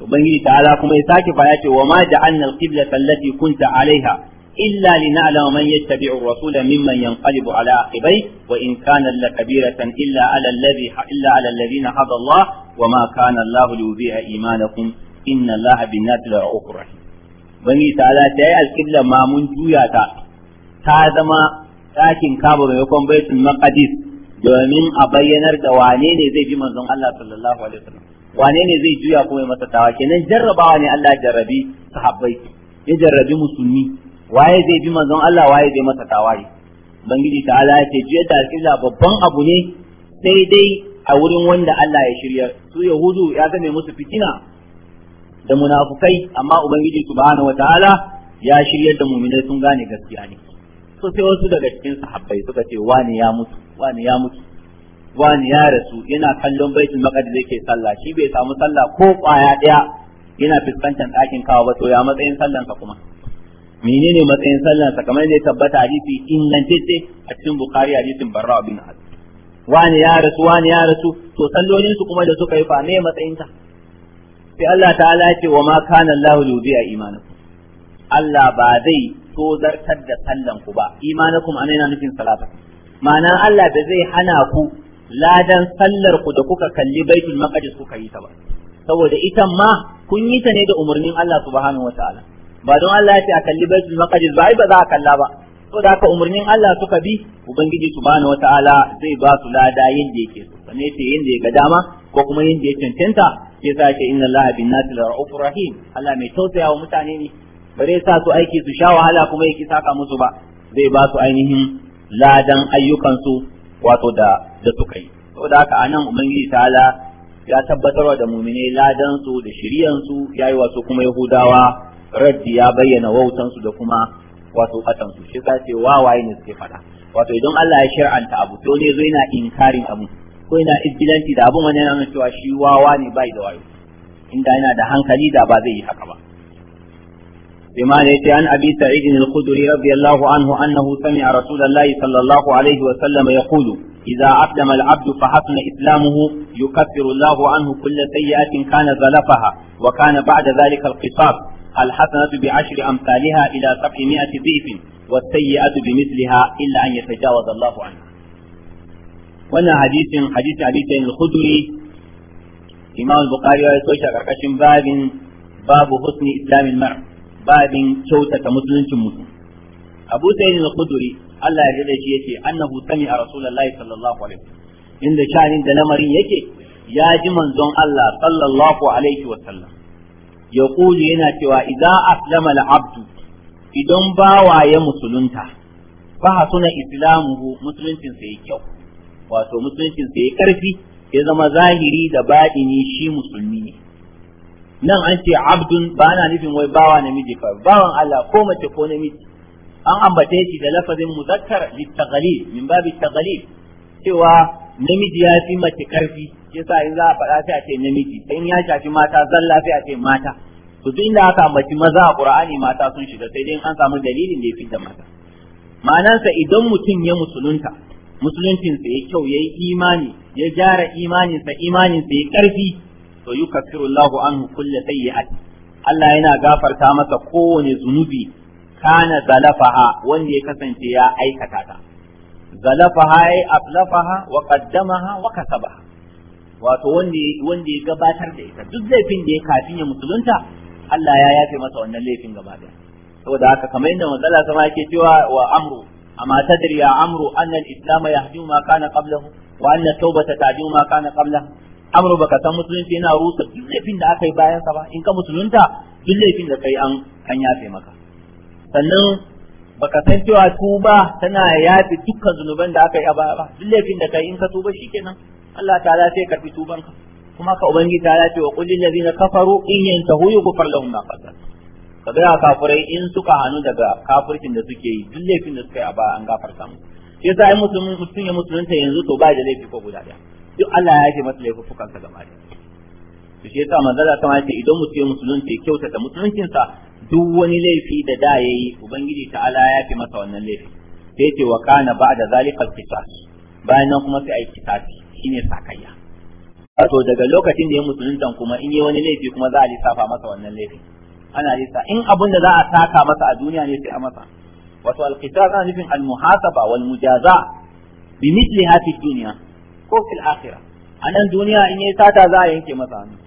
ubangiji ta'ala kuma ya sake fa ce, wa ma ja'alna al qibla allati kunta alaiha illa lina'lama man yattabi'u ar-rasul mimman yanqalibu ala aqibai wa in kana lakabiratan illa ala alladhi illa ala alladhina hada Allah wa ma kana Allah liyudhi'a imanakum inna Allah bin-nasi la'ufur rahim ubangiji ta'ala ta yi al-qibla ma mun juya ta ta zama ɗakin kaba maimakon baitul maqdis domin a bayyanar da wane ne zai bi manzon Allah sallallahu alaihi wasallam wane ne zai juya kuma masa tawa kenan jarrabawa ne Allah jarrabi sahabbai ya jarrabi musulmi waye zai bi manzon Allah waye zai masa tawaye bangiji ta'ala ya ce juya da kila babban abu ne sai dai a wurin wanda Allah ya shirya su yahudu ya zame musu fitina da munafukai amma ubangiji subhanahu wataala ya shirya da mu'minai sun gane gaskiya ne so sai wasu daga cikin sahabbai suka ce wani ya mutu wani ya mutu wani ya rasu yana kallon baitul maqdis yake sallah shi bai samu sallah ko kwaya daya yana fuskantar ɗakin kawa ba to ya matsayin sallan sa kuma menene matsayin sallan sa kamar ne tabbata hadisi ingantacce a cikin bukhari hadisin barra bin hadis wani ya rasu wani ya rasu to sallolin su kuma da suka yi fa me matsayin ta sai Allah ta'ala ya ce wa ma kana Allahu yubi'a imanakum Allah ba zai tozartar da sallan ku ba imanakum anai na nufin salata ma'ana Allah ba zai hana ku ladan sallar ku da kuka kalli baitul maqdis kuka yi ta ba saboda ita ma kun yi ta ne da umarnin Allah subhanahu wataala ba don Allah ya ce a kalli baitul maqdis ba ai ba za a kalla ba da ka umarnin Allah suka bi ubangiji subhanahu wataala zai ba su lada yanda yake so ne ce yanda ya ga dama ko kuma yanda ya cancanta sai sa ce inna Allah bin nasi rahim Allah mai tausaya wa mutane ne bare sa su aiki su sha wahala kuma ya yake saka musu ba zai ba su ainihin ladan ayyukansu wato da da suka yi saboda haka anan ubangiji ta'ala ya tabbatar da mumine ladan su da shiriyan su yayi wato kuma yahudawa raddi ya bayyana wautan su da kuma wato fatan su shi ka ce wawaye ne suke fada wato idan Allah ya shir'anta abu to ne zo yana inkarin abu ko yana izgilanci da abun wani yana cewa shi wawa ne bai da wayo inda yana da hankali da ba zai yi haka ba بما ليت عن أبي سعيد الخدري رضي الله عنه أنه سمع رسول الله صلى الله عليه وسلم يقول إذا أسلم العبد فحسن إسلامه يكفر الله عنه كل سيئة كان زلفها وكان بعد ذلك القصاص الحسنة بعشر أمثالها إلى سبعمائة ضيف والسيئة بمثلها إلا أن يتجاوز الله عنه وانا حديث حديث أبي سعيد الخدري إمام البخاري ويسوش أكاكاشم باب باب حسن إسلام المرء babin kyautata musuluncin mutum Abu Sa'id al Allah ya dade shi yace annahu a Rasulullahi sallallahu alaihi inda shanin da lamarin yake ya ji manzon Allah sallallahu alaihi wasallam ya kuli yana cewa idza aslama al-abdu idan bawa ya musulunta fa suna islamu musuluncin sa kyau wato musuluncin sa yake karfi ya zama zahiri da baɗini shi musulmi ne nan an ce abdun ba ana nufin wai bawa namiji fa bawan Allah ko mace ko namiji an ambace shi da lafazin muzakkar litaghalil min babi taghalil cewa namiji ya fi mace karfi yasa in za a faɗa sai a ce namiji in ya shafi mata zalla sai a ce mata to duk inda aka ambaci maza a Qur'ani mata sun shiga sai dai an samu dalilin da ya fitar mata ma'anarsa idan mutum ya musulunta musuluncinsa ya kyau ya yi imani ya gyara imaninsa imaninsa ya karfi to yukaffiru Allahu anhu kulli sayyi'at Allah yana gafarta masa kowane zunubi kana zalafaha wanda ya kasance ya aikata ta zalafaha ay aflafaha wa qaddamaha wa kasabaha wato wanda wanda ya gabatar da ita duk laifin da ya kafin ya musulunta Allah ya yafe masa wannan laifin gaba daya saboda haka kamar yadda matsala sama yake cewa wa amru amma tadri ya amru anna al-islam yahdimu ma kana qablahu wa anna tawbata ta'dimu ma kana qablahu amru baka san musulunci yana rusa duk laifin da aka yi bayan sa ba in ka musulunta duk laifin da kai an an yafe maka sannan baka san cewa tuba tana yafe dukkan zunuban da aka yi a baya ba duk laifin da kai in ka tuba shikenan Allah ta'ala sai karbi tuban ka kuma ka ubangi ta ce wa qul lil ladina kafaru in yantahu yughfar lahum ma qaddam ka ga kafirai in suka hanu daga kafircin da suke yi duk laifin da suka yi a baya an gafarta mu yasa ai musulmi mutum ya musulunta yanzu to ba da laifi ko guda daya duk Allah ya yafe masa laifukan sa gaba da to shi yasa manzala ta ce idan mutum ya musulunci kyautata musuluncinsa duk wani laifi da da yayi ubangiji ta Allah ya yafe masa wannan laifi sai ce wa kana ba'da zalika al-qisas bayan nan kuma sai ayi kisasi shine sakayya wato daga lokacin da ya musulunta kuma in yi wani laifi kuma za a lissafa masa wannan laifi ana lissa in abin da za a taka masa a duniya ne sai a masa wato al-qisas ana nufin al-muhasaba wal mujaza bi mithli hadhihi dunya ko fil akhira a nan duniya in yayi sata za a yanke masa hannu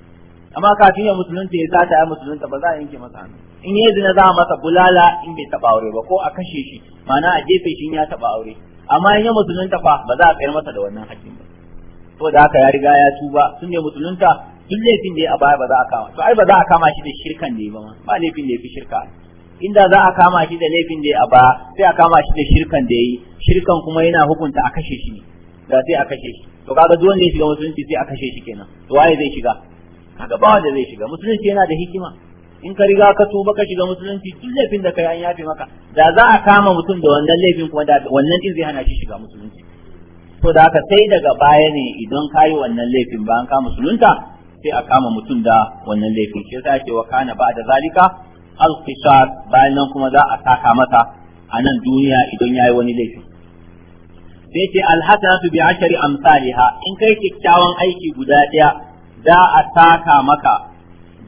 amma kafin ya musulunta ya sata ya musulunta ba za a yanke masa hannu in yayi zina za a masa bulala in bai taba aure ba ko a kashe shi ma'ana a jefe shi in ya taba aure amma in ya musulunta fa ba za a tsayar masa da wannan hakkin ba to da haka ya riga ya tuba sun ne musulunta duk laifin da ya a baya ba za a kama to ai ba za a kama shi da shirkan da ya ba ba laifin da ya fi shirka inda za a kama shi da laifin da ya a baya sai a kama shi da shirkan da ya yi shirkan kuma yana hukunta a kashe shi ne da sai a kashe shi to kaga duk wanda ya shiga musulunci sai a kashe shi kenan to waye zai shiga kaga ba wanda zai shiga musulunci yana da hikima in ka riga ka tuba ka shiga musulunci duk laifin da kai an yafe maka da za a kama mutum da wannan laifin kuma da wannan din zai hana shi shiga musulunci to da haka sai daga baya ne idan ka yi wannan laifin ba an kama musulunta sai a kama mutum da wannan laifin shi yasa ce wa kana ba da zalika al bayan nan kuma za a saka masa a nan duniya idan ya yi wani laifin sai ce alhasanatu bi ashari amsalha in kai kyakkyawan aiki guda daya za a taka maka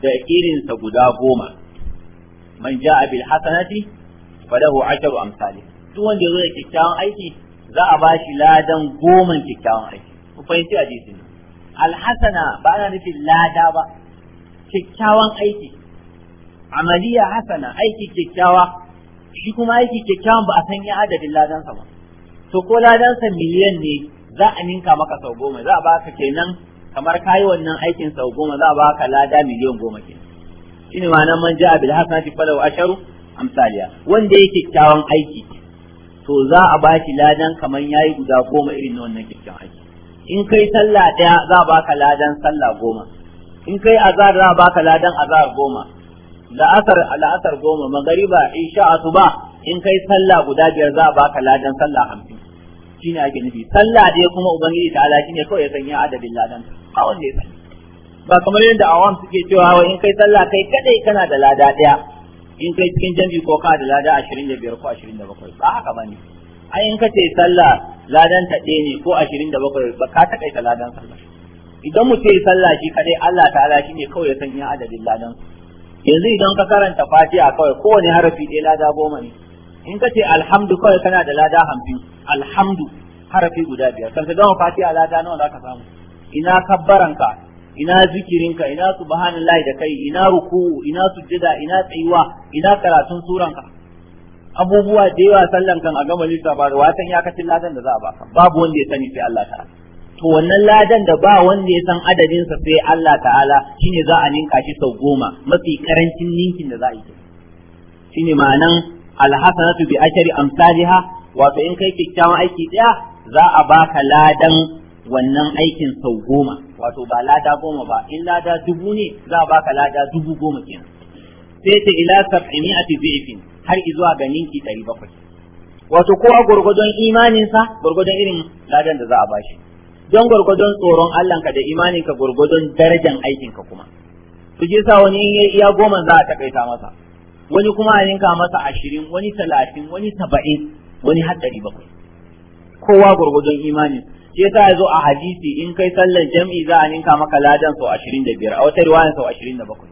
da irinsa guda goma man ja'a bil hasanati falahu asharu amsalha duk wanda ya zo da kyakkyawan aiki za a bashi ladan goma kyakkyawan aiki ku fahimci ne. alhasana ba ana nufin lada ba kyakkyawan aiki amaliya hasana aiki kyakkyawa shi kuma aiki kyakkyawan ba a san ya adadin ladansa ba to ko ladansa miliyan ne za a ninka maka sau goma za a baka kenan kamar kayi wannan aikin sau goma za a baka lada miliyan goma ke ne ma'anar man ja'a bil hasanati falahu asharu amsaliya wanda yake kyakkyawan aiki to za a bashi ladan kamar yayi guda goma irin na wannan kyakkyawan aiki in kai sallah daya za a baka ladan sallah goma in kai azar za a baka ladan azar goma la'asar la'asar goma magariba insha asuba in kai sallah guda biyar za a baka ladan sallah hamsin shine ake nufi sallah dai kuma ubangiji ta ala shine kawai ya sanya adadin ladan ba wanda ya sani ba kamar yadda awam suke cewa wai in kai sallah kai kadai kana da lada daya in kai cikin jami'i ko ka da lada 25 ko 27 ba haka bane ai in ka ce sallah ladan ta ɗaya ne ko 27 ba ka ta kai ladan sallah idan mu ya sallah shi kadai Allah ta'ala shine kawai ya sanya adabin ladan yanzu idan ka karanta fatiha kawai kowane harafi ɗaya lada goma ne in ka ce alhamdu kawai kana da lada hamsin alhamdu harafi guda biyar kan ka gama fatiha lada nawa za ka samu ina kabbaranka ina zikirinka ina subhanallahi da kai ina ruku'u ina sujjada ina tsayuwa ina karatun suranka abubuwa da yawa sallan kan a gama ba da watan kacin ladan da za a baka babu wanda ya sani sai Allah ta'ala to wannan ladan da ba wanda ya san adadin sa sai Allah ta'ala shine za a ninka shi sau goma mafi karancin ninkin da za a yi shine ma'anan alhasanatu bi ashari amsalha wato in kai kyakkyawan aiki ɗaya, za a baka ladan wannan aikin sau goma wato ba lada goma ba in lada dubu ne za a baka lada dubu goma kenan sai ta ila sab'imi'ati dhi'fin har zuwa ga ninki 700 wato ko a gurgudun imaninsa gurgudun irin ladan da za a bashi don gurgudun tsoron Allah ka da imaninka gurgudun darajan aikinka kuma su ji sa wani in yayi iya goma za a takaita masa wani kuma a yanka masa ashirin wani talatin wani saba'in wani har ɗari bakwai kowa gwargwadon imanin shi yasa ya zo a hadisi in kai sallar jam'i za a ninka maka ladan sau ashirin da biyar a wata riwayan sau ashirin da bakwai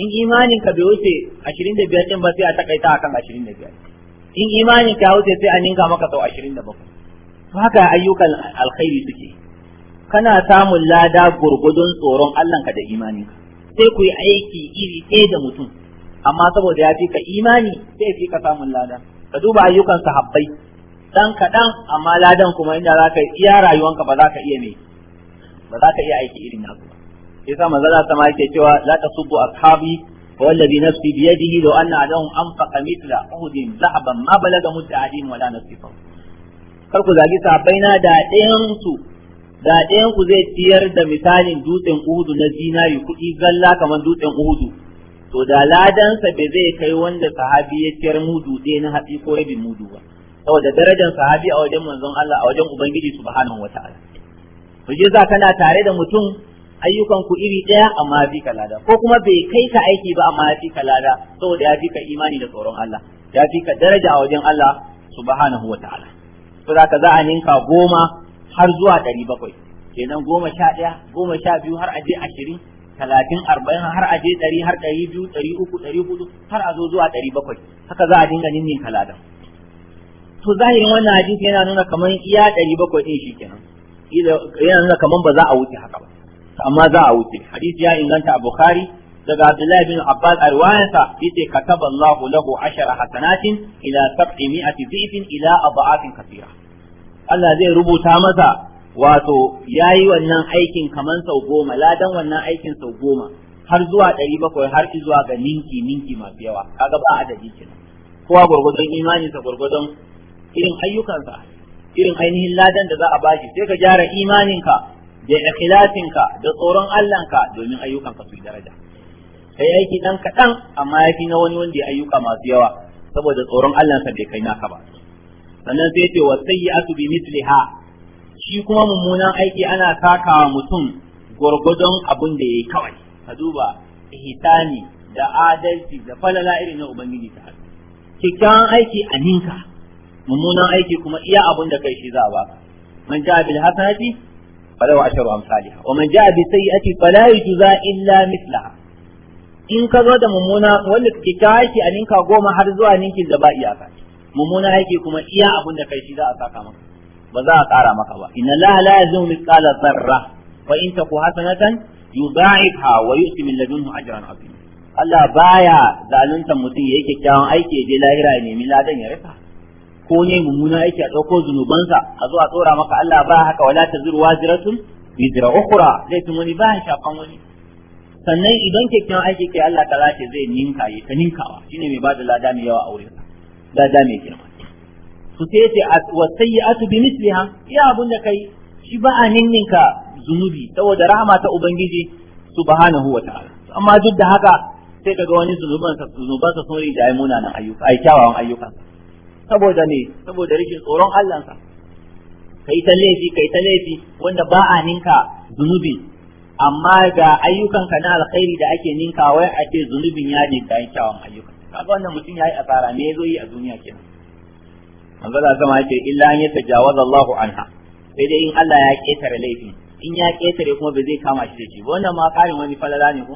in imanin ka bai wuce ashirin da biyar din ba sai a takaita akan ashirin da biyar in imanin ka wuce sai a ninka maka sau ashirin da bakwai to haka ayyukan alkhairi suke kana samun lada gurgudun tsoron Allahnka da imaninka sai ku yi aiki iri ɗaya da mutum amma saboda ya fi ka imani sai fi ka samun ladan ka duba ayyukan sahabbai dan kaɗan amma ladan kuma inda za ka iya rayuwanka ba za ka iya me ba za ka iya aiki irin nasu ba yasa manzo Allah sama yake cewa la tasubbu ashabi wa alladhi nafsi bi yadihi law anna alahum anfaqa mithla uhudin zahaban ma balaga mutahadin wala nasifa kar ku zagi sahabbai na da ɗayan su da ɗayan ku zai tiyar da misalin dutsen uhudu na zinari kuɗi zalla kamar dutsen uhudu to da ladansa bai zai kai wanda sahabi ya ciyar mudu ɗaya na hatsi ko rabin mudu ba saboda darajar sahabi a wajen manzon Allah a wajen ubangiji subhanahu wataala to je za kana tare da mutum ayyukan ku iri daya amma bi ka lada ko kuma bai kai ka aiki ba amma bi ka lada saboda ya fi ka imani da tsoron Allah ya fi ka daraja a wajen Allah subhanahu wataala za ka za a ninka goma har zuwa ɗari bakwai kenan goma sha ɗaya goma sha biyu har aje ashirin talatin arba'in har aje ɗari har ɗari biyu ɗari uku ɗari hudu har a zo zuwa ɗari bakwai haka za a dinga nin talatin to zahirin wannan hadisi yana nuna kamar iya ɗari bakwai ɗin shi kenan yana nuna kamar ba za a wuce haka ba amma za a wuce hadisi ya inganta a bukhari daga abdullahi bin abbas a riwayansa yace kataba allahu lahu ashara hasanatin ila sab'i mi'ati dhifin ila adafin kathira Allah zai rubuta masa wato ya yi wannan aikin kaman sau goma ladan wannan aikin sau goma har zuwa ɗari bakwai har zuwa ga ninki ninki masu yawa kaga ba adadi kenan kowa gwargwadon imaninsa gwargwadon irin ayyukansa irin ainihin ladan da za a baki, sai ka gyara imaninka da ikhlasinka da tsoron Allahnka domin ayyukanka su daraja kai aiki dan kaɗan amma ya fi na wani wanda ya ayyuka masu yawa saboda tsoron Allahnsa bai kai naka ba sannan sai ce wa sayyi'atu bi misliha shi kuma mummunan aiki ana wa mutum gwargwadon abin da ya yi kawai ka duba hitani da adalci da falala irin na ubangiji ta haka kyakkyawan aiki a ninka mummunan aiki kuma iya abin da kai shi za a baka man ja'a bil hasanati falahu asharu amsalha wa man ja'a bi sayyi'ati fala yujza illa mithlaha in ka zo da mummuna wanda kyakkyawan aiki a ninka goma har zuwa ninkin da ba iyaka mummuna aiki kuma iya abin da kai shi za a saka maka ba za a ƙara maka ba inna allaha la yazimu mithqala zarra. fa in taku hasanatan yudha'ibha wa yu'ti min ladunhu ajran azima Allah baya zalunta mutum yayi kyakkyawan aiki je lahira ya nemi ladan ya rika ko ne mummuna yake a ɗauko zunubansa a zo a tsora maka Allah ba haka wala ta zuru waziratun bizira ukhra laifin wani ba shafan wani sannan idan kyakkyawan aiki kai Allah ta lashe zai ninka yi ta ninkawa shine mai bada lada mai yawa aure ka, lada mai girma su sai ce wa sayyi'atu bi misliha ya abun da kai shi ba a ninninka zunubi saboda rahama ta ubangiji subhanahu wa ta'ala amma duk da haka sai kaga wani zunuban sa zunuban sa sun rija munanan ayyuka ai kyawawan ayyuka saboda ne saboda rikin tsoron Allah sa kai ta laifi kai ta laifi wanda ba a ninka zunubi amma ga ayyukan ka na alkhairi da ake ninka wai a ce zunubin ya ninka kyawawan ayyuka kaga wannan mutum yayi asara me yazo yi a duniya kenan manzo sama yake illa an yatajawaza Allahu anha sai dai in Allah ya ketare laifin in ya ketare kuma ba zai kama shi da shi wannan ma karin wani falala ne ko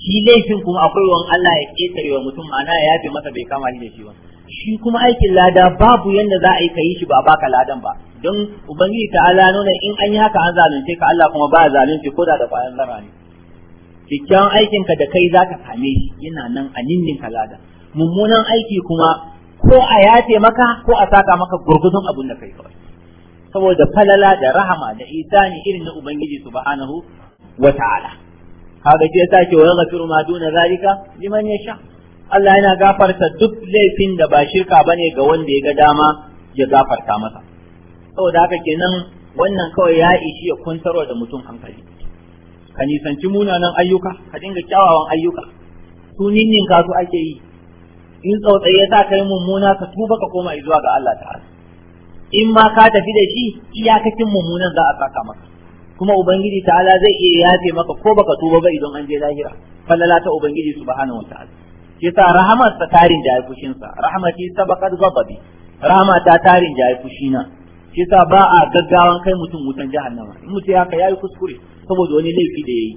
shi laifin kuma akwai wani Allah ya ketare wa mutum ma'ana ya yafe masa bai kama shi da shi ba shi kuma aikin lada babu yanda za a yi ka yi shi ba baka ladan ba don ubangiji ta'ala nuna in an yi haka an zalunce ka Allah kuma ba zalunci ko da da kwayan zara ne kikkiawan aikin ka da kai zaka same shi yana nan a ninnin ka lada mummunan aiki kuma ko a yace maka ko a saka maka gurgudun abun da kai kawai saboda falala da rahama da isani irin na ubangiji subhanahu wata'ala Ka kaga shi yasa ke wa gafiru ma duna zalika liman yasha Allah yana gafarta duk laifin da ba shirka bane ga wanda ya ga dama ya gafarta masa saboda haka kenan wannan kawai ya ishi ya kuntarwa da mutum hankali ka nisanci munanan ayyuka ka dinga kyawawan ayyuka su ninninka su ake yi in tsautsayi ya sa kai mummuna ka tuba ka koma zuwa ga Allah ta'ala in ma ka tafi da shi iyakacin mummunan za a saka maka kuma ubangiji ta'ala zai iya yafe maka ko baka tuba ba idan an je lahira fallala ta ubangiji subhanahu wa ta'ala yasa rahamar ta tarin jaye fushin sa rahmati ghadabi rahama ta tarin jaye fushina yasa ba a gaggawan kai mutum wutan jahannama in mutum ya ka yayi kuskure saboda wani laifi da yayi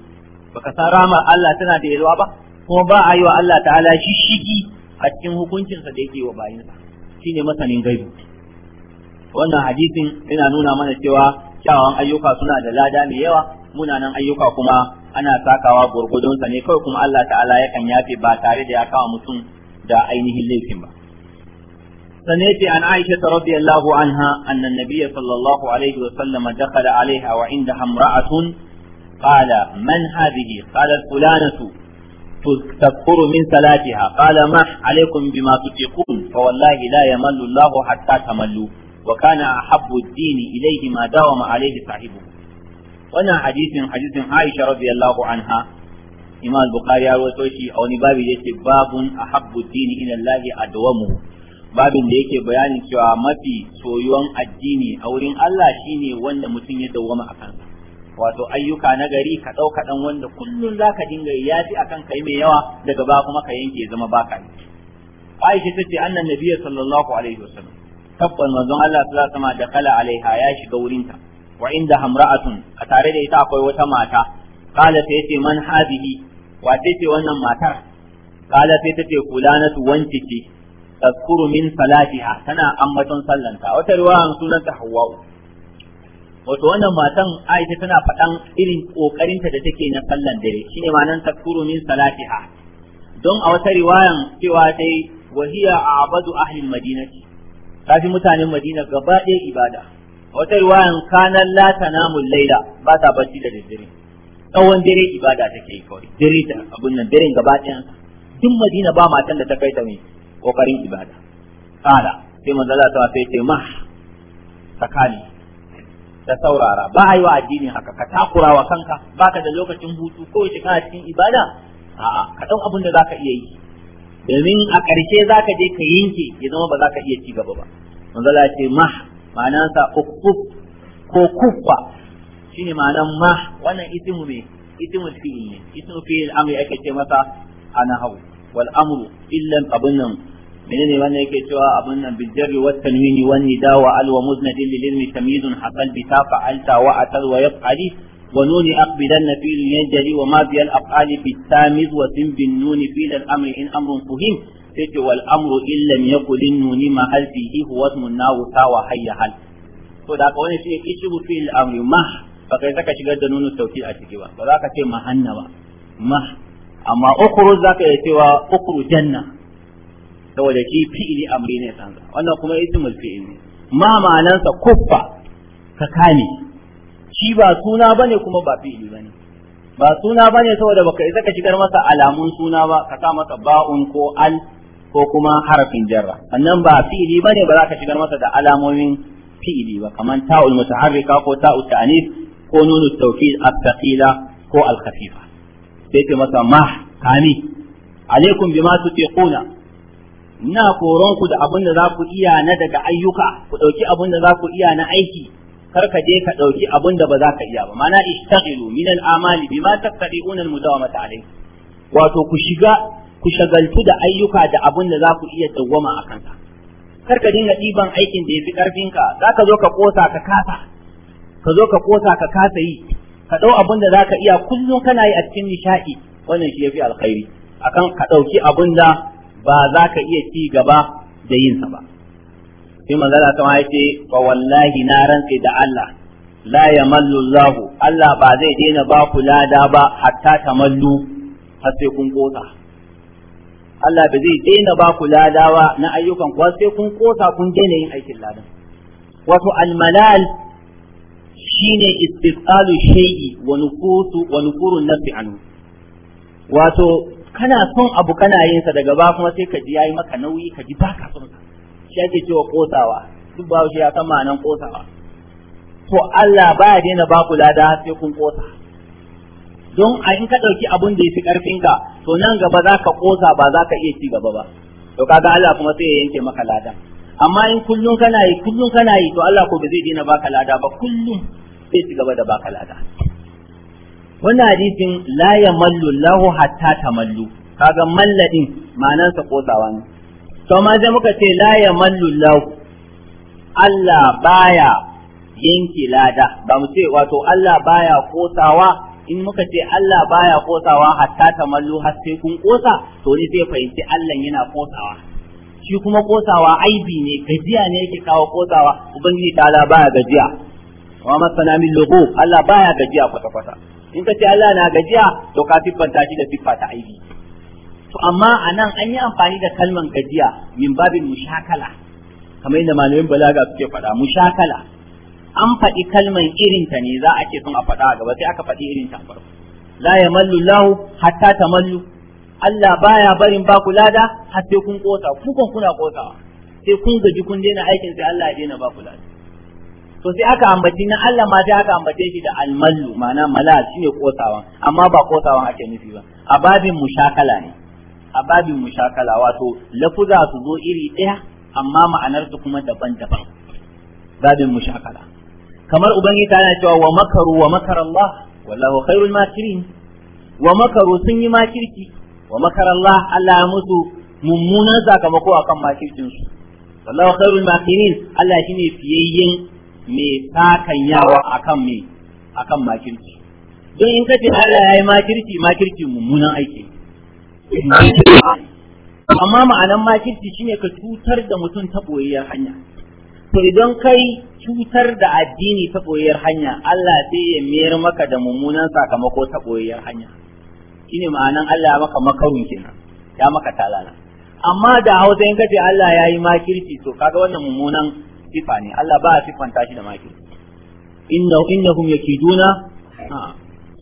baka san rahama Allah tana da yalwa ba kuma ba a yi wa Allah ta'ala shishigi a cikin hukuncinsa da yake wa bayinsa shine masanin gaibi wannan hadisin yana nuna mana cewa kyawawan ayyuka suna da lada mai yawa munanan ayyuka kuma ana sakawa gurgudunsa ne kawai kuma Allah ta'ala yakan yafe ba tare da ya kawo mutum da ainihin laifin ba سنيتي عن عائشة رضي الله عنها أن النبي صلى الله عليه وسلم دخل عليها وعندها امرأة قال من هذه قالت فلانة تكفر من صلاتها قال ما عليكم بما تطيقون فوالله لا يمل الله حتى تملوا وكان أحب الدين إليه ما داوم عليه صاحبه وانا حديث حديث عائشة رضي الله عنها إمام البخاري وتوشي أو نباب يتي باب أحب الدين إلى الله أدومه باب يتي بيان شو ما في سويون الدين أو رين الله شيني وانا متين يدوم أكانه wato ayyuka na gari ka ɗau kaɗan wanda kullum za ka dinga ya fi akan kai mai yawa daga ba kuma ka yanke zama ba ka yi Aisha ta ce annan nabiyya sallallahu alaihi sallam. tabban manzon Allah sallallahu alaihi wasallam da kala alaiha ya shiga wurinta wa inda hamra'atun a tare da ita akwai wata mata kala ta yace man hadihi ce wannan matar kala ta tace kulanatu wanti ce tazkuru min salatiha tana ambaton sallanta wata riwayan sunanta hawwa'u wato wannan matan Aisha tana faɗan irin ƙoƙarinta da take na sallan dare shine ma'anar takuru min salatiha don a wata riwayan cewa dai wahiya a'badu ahli madinati fi mutanen Madina gaba ɗaya ibada a wata riwayan kanan la tanamu laila ba ta barci da dare. tsawon dare ibada take kawai dare da abun nan daren gaba ɗaya duk Madina ba matan da ta kai ta mai kokarin ibada kala sai manzo Allah ta ce ma sakali da saurara ba a yi wa addini haka ka takura wa kanka ba ka da lokacin hutu ko shi kana cikin ibada a'a ka ɗau abin da ka iya yi domin a ƙarshe za ka je ka yanke ya zama ba za ka iya ci gaba ba wanda za ce mah ma'anansa ko kuffa shine ma'anan mah wannan ismu ne ismu fi'il ne ismu fi'il amri ake ce masa ana hau wal amru illan nan. menene wanda yake cewa abin nan bijarri wa tanwini wa nida wa al wa muznadin lil ilmi tamyizun hasal bi ta fa'alta wa atal wa yaf'ali wa nuni aqbidan fi yajri wa ma bi al af'ali bi tamiz wa sim bin nuni, fi al amri in amrun fuhim sai wal amru illam yakul in nuni ma hal fihi huwa ismun nawu ta wa hayya hal to da ka wani shi ismu fi al amri ma ba kai saka shigar da nunu tawkid a ciki ba ba za ka ce mahanna ba ma amma ukhruj zaka yi cewa janna. saboda shi fi'ili amri ne wannan kuma ismul fi'ili ma ma'anansa kuffa ka shi ba suna bane kuma ba fi'ili bane ba suna bane saboda baka isa ka shigar masa alamun suna ba ka sa masa ba'un ko al ko kuma harafin jarra annan ba fi'ili bane ba za ka shigar masa da alamomin fi'ili ba Kamar ta'ul mutaharrika ko ta'ul ta'anis ko nunu tawkid at-thaqila ko al-khafifa sai ce masa ma kame alaikum bima tutiquna ina koron ku da abin da za ku iya na daga ayyuka ku ɗauki abin da za ku iya na aiki kar ka je ka ɗauki abin da ba za ka iya ba mana ishtaghilu min al-amali bima taqdi'una al-mudawamata alayhi wato ku shiga ku shagaltu da ayyuka da abin da za ku iya dawwama a kanka kar ka dinga ɗiban aikin da ya fi ƙarfinka za ka zo ka ƙosa ka kasa ka zo ka ƙosa ka kasa yi ka ɗau abin da za ka iya kullum kana yi a cikin nishaɗi wannan shi ya fi alkhairi akan ka ɗauki abin da ba za ka iya ci gaba da yin sa ba sai manzala kama ya ce fa wallahi na rantse da Allah la yamallu Allah Allah ba zai daina ba ku lada ba hatta tamallu har sai kun kosa Allah ba zai daina ba ku ladawa na ayyukan ku sai kun kosa kun daina yin aikin ladan wato Al-Malal al-malal shine istifqalu shay'i wa nufusu wa nufuru nafsi anhu wato kana son abu kana yin sa daga ba kuma sai ka ji yayi maka nauyi ka ji baka son sa shi ake cewa kosawa duk ba shi ya san ma'anan kosawa to Allah ba daina ba ku lada sai kun kosa don a in ka dauki abun da yafi karfin ka to nan gaba za ka kosa ba za ka iya ci gaba ba to kaga Allah kuma sai ya yanke maka lada amma in kullun kana yi kullun kana yi to Allah ko ba zai daina baka lada ba kullun sai ci gaba da baka lada wannan hadisin la mallu lahu hatta tamallu kaga malladin ma'anar sa kosawa ne to ma je muka ce la mallu lahu Allah baya yanke lada ba mu ce wato Allah baya kosawa in muka ce Allah baya kosawa hatta tamallu har sai kun kosa to ni zai fahimci Allah yana kosawa shi kuma kosawa aibi ne gajiya ne yake kawo kosawa ubangiji ta Allah baya gajiya wa masana min lugu Allah baya gajiya kwata kwata in ka ce Allah na gajiya to ka siffanta shi da siffa ta aibi to amma anan an yi amfani da kalman gajiya min babin mushakala kamar yadda malamin balaga suke faɗa mushakala an faɗi kalman irin ta ne za a ce sun a faɗa a gaba sai aka faɗi irin a farko la yamallu lahu hatta tamallu Allah baya barin ba ku lada har sai kun kosa ku kun kuna kosa sai kun gaji kun daina aikin sai Allah ya daina ba ku lada to sai aka ambaci na Allah ma sai aka ambace shi da almallu ma'ana mala ne kosawa amma ba kosawa ake nufi ba a babin mushakala ne a babin mushakala wato lafuza su zo iri ɗaya amma ma'anar su kuma daban-daban babin mushakala kamar ubangiji ta yana cewa wa makaru wa makar Allah wallahu khairul makirin wa makaru sun yi makirci wa makar Allah Allah ya musu mummunan sakamako akan makircin su wallahu khairul makirin Allah shine fiyayyen mai yawa akan me akan makirci don in kace Allah ya yi makirci makirci mummunan aiki amma ma'anan makirci shine ka cutar da mutum ta boyayyar hanya to idan kai cutar da addini ta boyayyar hanya Allah sai ya mayar maka da mummunan sakamako ta boyayyar hanya shine ma'anan Allah ya maka makarun kenan ya maka talala amma da hausa in kace Allah ya yi makirci to kaga wannan mummunan sifa ne Allah ba a siffanta shi da makirci inna innahum yakiduna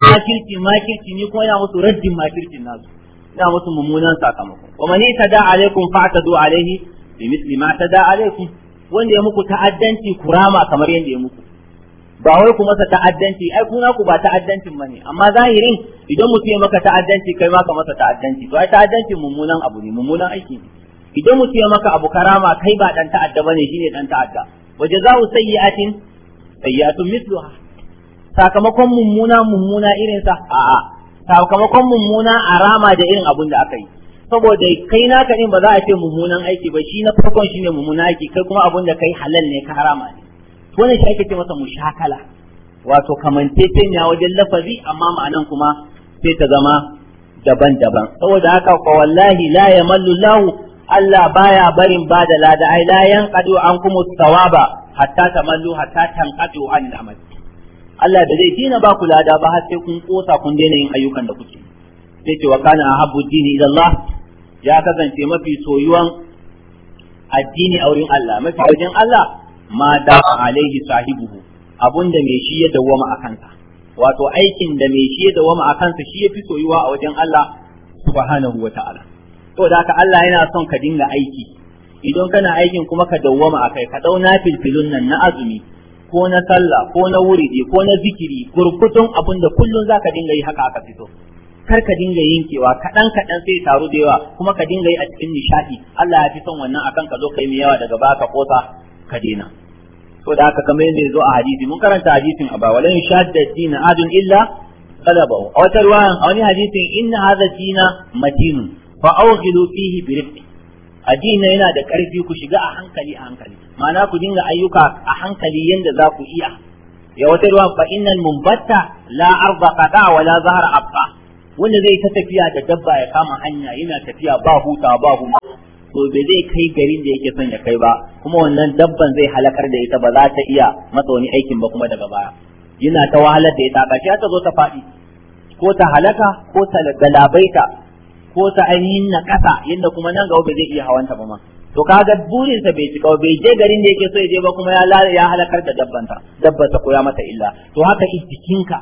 makirci makirci ni kuma ina musu raddin makircin nasu ina musu mummunan sakamako wa man tada alaikum fa'tadu alaihi bi misli ma tada alaikum wanda ya muku ta'addanci kurama kamar yadda ya muku ba wai ku masa ta'addanci ai kuna ku ba ta'addancin bane amma zahirin idan mutum ya maka ta'addanci kai ma ka masa ta'addanci to ai ta'addancin mummunan abu ne mummunan aiki ne idan mutum ya maka abu karama kai ba dan ta'adda bane shine dan ta'adda wa jazaa'u sayyi'atin sayyi'atun mithluha sakamakon mummuna mummuna irin sa a'a sakamakon mummuna arama da irin abun da aka yi saboda kai naka din ba za a ce mummunan aiki ba shi na farkon shine mummuna aiki kai kuma abun da kai halal ne ka harama ne wannan shi ake ce masa mushakala wato kamantetenya wajen lafazi amma ma'anan kuma sai ta zama daban-daban saboda haka fa wallahi la yamallu lahu Allah baya barin ba da lada ai la an kuma thawaba hatta tamallu hatta tanqadu an amal Allah da zai dina ba ku lada ba har sai kun kosa kun daina yin ayyukan da kuke sai ce wa kana ahabbu dini ila Allah ya kasance mafi soyuwan addini a wurin Allah mafi wajen Allah ma da alaihi sahibuhu abunda mai shi ya dawwama a kansa wato aikin da mai shi ya dawwama a kansa shi yafi soyuwa a wajen Allah subhanahu wa ta'ala saboda haka Allah yana son ka dinga aiki idan kana aikin kuma ka dawwama akai ka dau filfilun nan na azumi ko na sallah ko na wuridi ko na zikiri gurkutun abin da kullun zaka dinga yi haka aka fito kar ka dinga yankewa kaɗan kaɗan sai taru da yawa kuma ka dinga yi a cikin nishaɗi Allah ya fi son wannan akan ka zo kai mai yawa daga baka kosa ka dena. Ko da haka kamar yadda zo a hadisi mun karanta hadisin a ba walan shadda dina adun illa qalabahu a wata ruwa a wani hadisin inna hadha dina matinun fa awghilu fihi bi addini yana da karfi ku shiga a hankali a hankali ma'ana ku dinga ayyuka a hankali yanda za ku iya ya wata ruwa fa innal mumbatta la arda qada wa la zahra abqa wanda zai ta tafiya da dabba ya kama hanya yana tafiya ba huta ba huma to bai zai kai garin da yake son ya kai ba kuma wannan dabban zai halakar da ita ba za ta iya masa wani aikin ba kuma daga baya yana ta wahalar da ita ba ta zo ta faɗi ko ta halaka ko ta galabaita ko ta ainihin na ƙasa yadda kuma nan gaba bai zai iya hawanta ba ma to kaga burinsa bai cika bai je garin da yake so ya je ba kuma ya ya halakar da dabbanta dabbanta ko ya mata illa to haka jikinka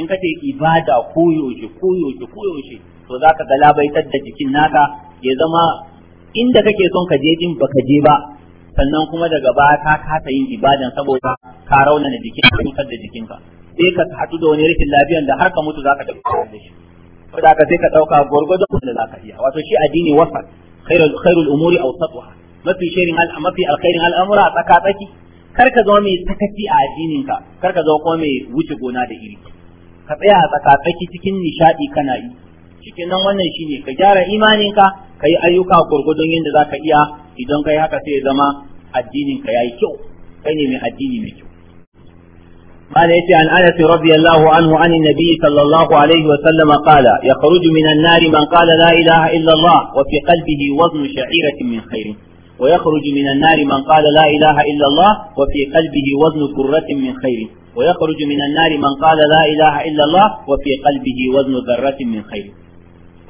in ka ce ibada koyaushe koyaushe koyaushe to za ka galabaitar da jikin naka ya zama inda kake son ka je din baka je ba sannan kuma daga baya ka kasa yin ibadan saboda ka raunana jikin ka da jikinka sai ka hadu da wani rikin lafiyan da har ka mutu za ka tafi da shi da aka sai ka dauka gurgurdan da ka iya wato shi addini wasat khairul khairul umuri awsatuha mafi shirin al mafi alkhairin al'amura tsaka tsaki kar ka zama mai sakaci a addinin ka kar ka zama kuma mai wuce gona da iri ka tsaya a tsaka tsaki cikin nishadi kana yi cikin nan wannan shine ka gyara imaninka ka yi ayyuka gurgudun yadda za ka iya idan ka yi haka sai zama addinin ka yayi kyau kai ne mai addini mai kyau قال يتي عن أنس رضي الله عنه عن النبي صلى الله عليه وسلم قال يخرج من النار من قال لا إله إلا الله وفي قلبه وزن شعيرة من خير ويخرج من النار من قال لا إله إلا الله وفي قلبه وزن كرة من خير ويخرج من النار من قال لا إله إلا الله وفي قلبه وزن ذرة من خير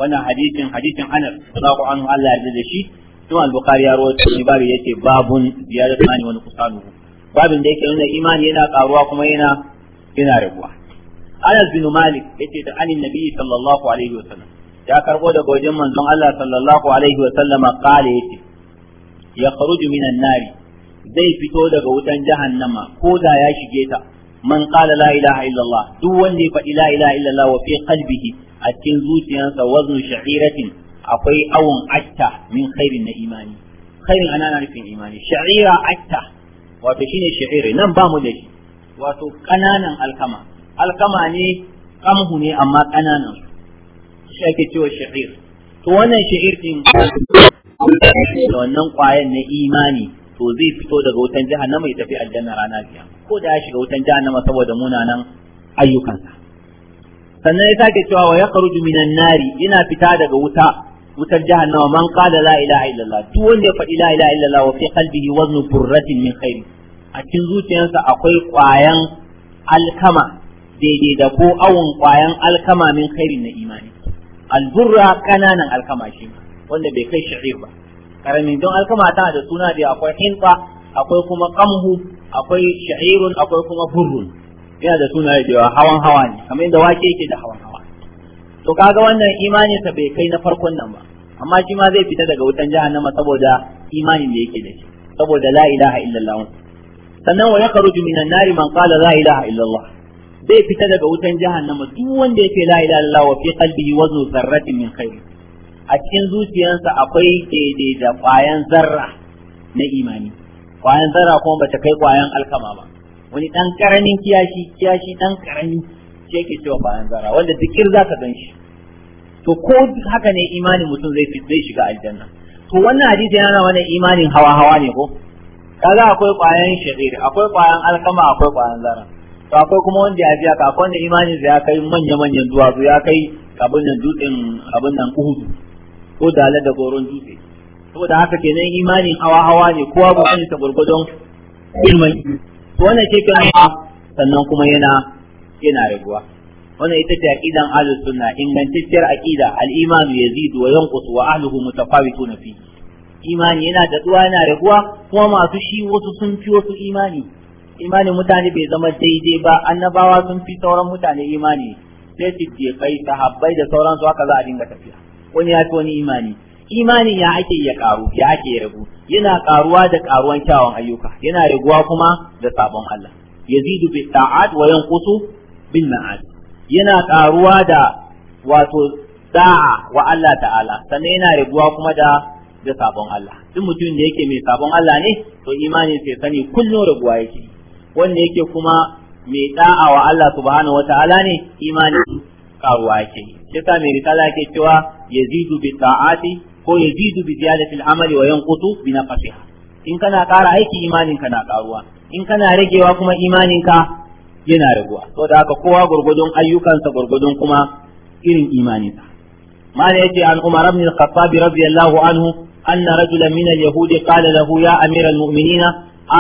وانا حديث حديث أنس رضي الله عنه الله يرضى شيء ثم البخاري يروي في باب يتي باب زيادة ونقصانه babin da yake nuna imani yana karuwa kuma yana yana rabuwa Anas bin Malik yace da anin Nabi sallallahu alaihi wasallam ya karbo da gojin manzon Allah sallallahu alaihi wasallama kale yace ya kharuju minan nari zai fito daga wutan jahannama ko da ya shige ta man qala la ilaha illallah duk wanda ya faɗi la ilaha illallah wa fi qalbihi a cikin zuciyarsa waznu sha'iratin akwai awon atta min khairin na imani khairin ana nufin imani sha'ira atta wato shine shi'iri nan ba mu da shi wato kananan alkama alkama ne kamhu ne amma kananan su shi ake cewa shi'ir to wannan shi'ir din da wannan kwayan na imani to zai fito daga wutan jahannama ya tafi aljanna rana biya ko da ya shiga wutan jahannama saboda munanan ayyukansa sannan ya sake cewa wa yakhruju minan nari yana fita daga wuta wutar jahannama man qala la ilaha illallah duk wanda ya faɗi la ilaha illallah wa fi qalbihi waznu burratin min khair a cikin zuciyarsa akwai ƙwayan alkama daidai da ko awon ƙwayan alkama min khairin na imani alburra kananan alkama shi wanda bai kai shi'ir ba karami don alkama tana da suna da akwai hinta akwai kuma kamhu, akwai sha'irun akwai kuma burrun yana da suna da hawan hawa ne kamar yadda wake yake da hawan hawa to kaga wannan imanin sa bai kai na farkon nan ba amma shi ma zai fita daga wutan jahannama saboda imanin da yake da shi saboda la ilaha illallah sannan wa yakhruju minan nari man qala la ilaha illallah zai fita daga wutan jahannama duk wanda yake la ilaha illallah wa fi qalbihi waznu zarratin min khair a cikin zuciyarsa akwai daidai da kwayan zarra na imani kwayan zarra kuma bata kai kwayan alkama ba wani dan karamin kiyashi kiyashi dan karami shi yake cewa bayan zara wanda dikir za ka ganshi to ko haka ne imanin mutum zai zai shiga aljanna to wannan hadisi yana wani imanin hawa hawa ne ko kaga akwai kwayan shahir akwai kwayan alkama akwai kwayan zara to akwai kuma wanda ya biya ka akwai wanda imanin ya kai manya manyan duwatsu ya kai abin nan dutsen abin nan uhudu ko dalar da goron dutse saboda haka kenan imanin hawa hawa ne kowa ba ta gurgudun ilmai to wannan ke kan sannan kuma yana yana raguwa wannan ita ce aqidan ahlus sunna ingantacciyar aqida al-iman yazidu wa yanqutu wa ahluhu mutafawitun fi imani yana da tsuwa yana raguwa kuma masu shi wasu sun fi wasu imani imanin mutane bai zama daidai ba annabawa sun fi sauran mutane imani sai siddiqai sahabbai da sauransu haka za a dinga tafiya wani ya fi wani imani imanin ya ake ya karu ya ake ya ragu yana karuwa da karuwan kyawun ayyuka yana raguwa kuma da sabon Allah yazidu bi ta'at wa yanqutu bin ma'ad yana karuwa da wato da'a wa Allah ta'ala sannan yana rabuwa kuma da da sabon Allah duk mutum da yake mai sabon Allah ne to imani sai sani kullun rabuwa yake wanda yake kuma mai da'a wa Allah subhanahu wata'ala ne imani karuwa yake sai ta mai risala yake cewa yazidu bi ta'ati ko yazidu bi ziyadati al wa yanqutu bi naqsiha in kana ƙara aiki imanin na ƙaruwa in kana ragewa kuma imaninka. yana raguwa saboda haka kowa gurgudun ayyukansa gurgudun kuma irin imaninsa mala yace an umar ibn al-khattab radiyallahu anhu anna rajulan min al-yahud qala lahu ya amir al-mu'minin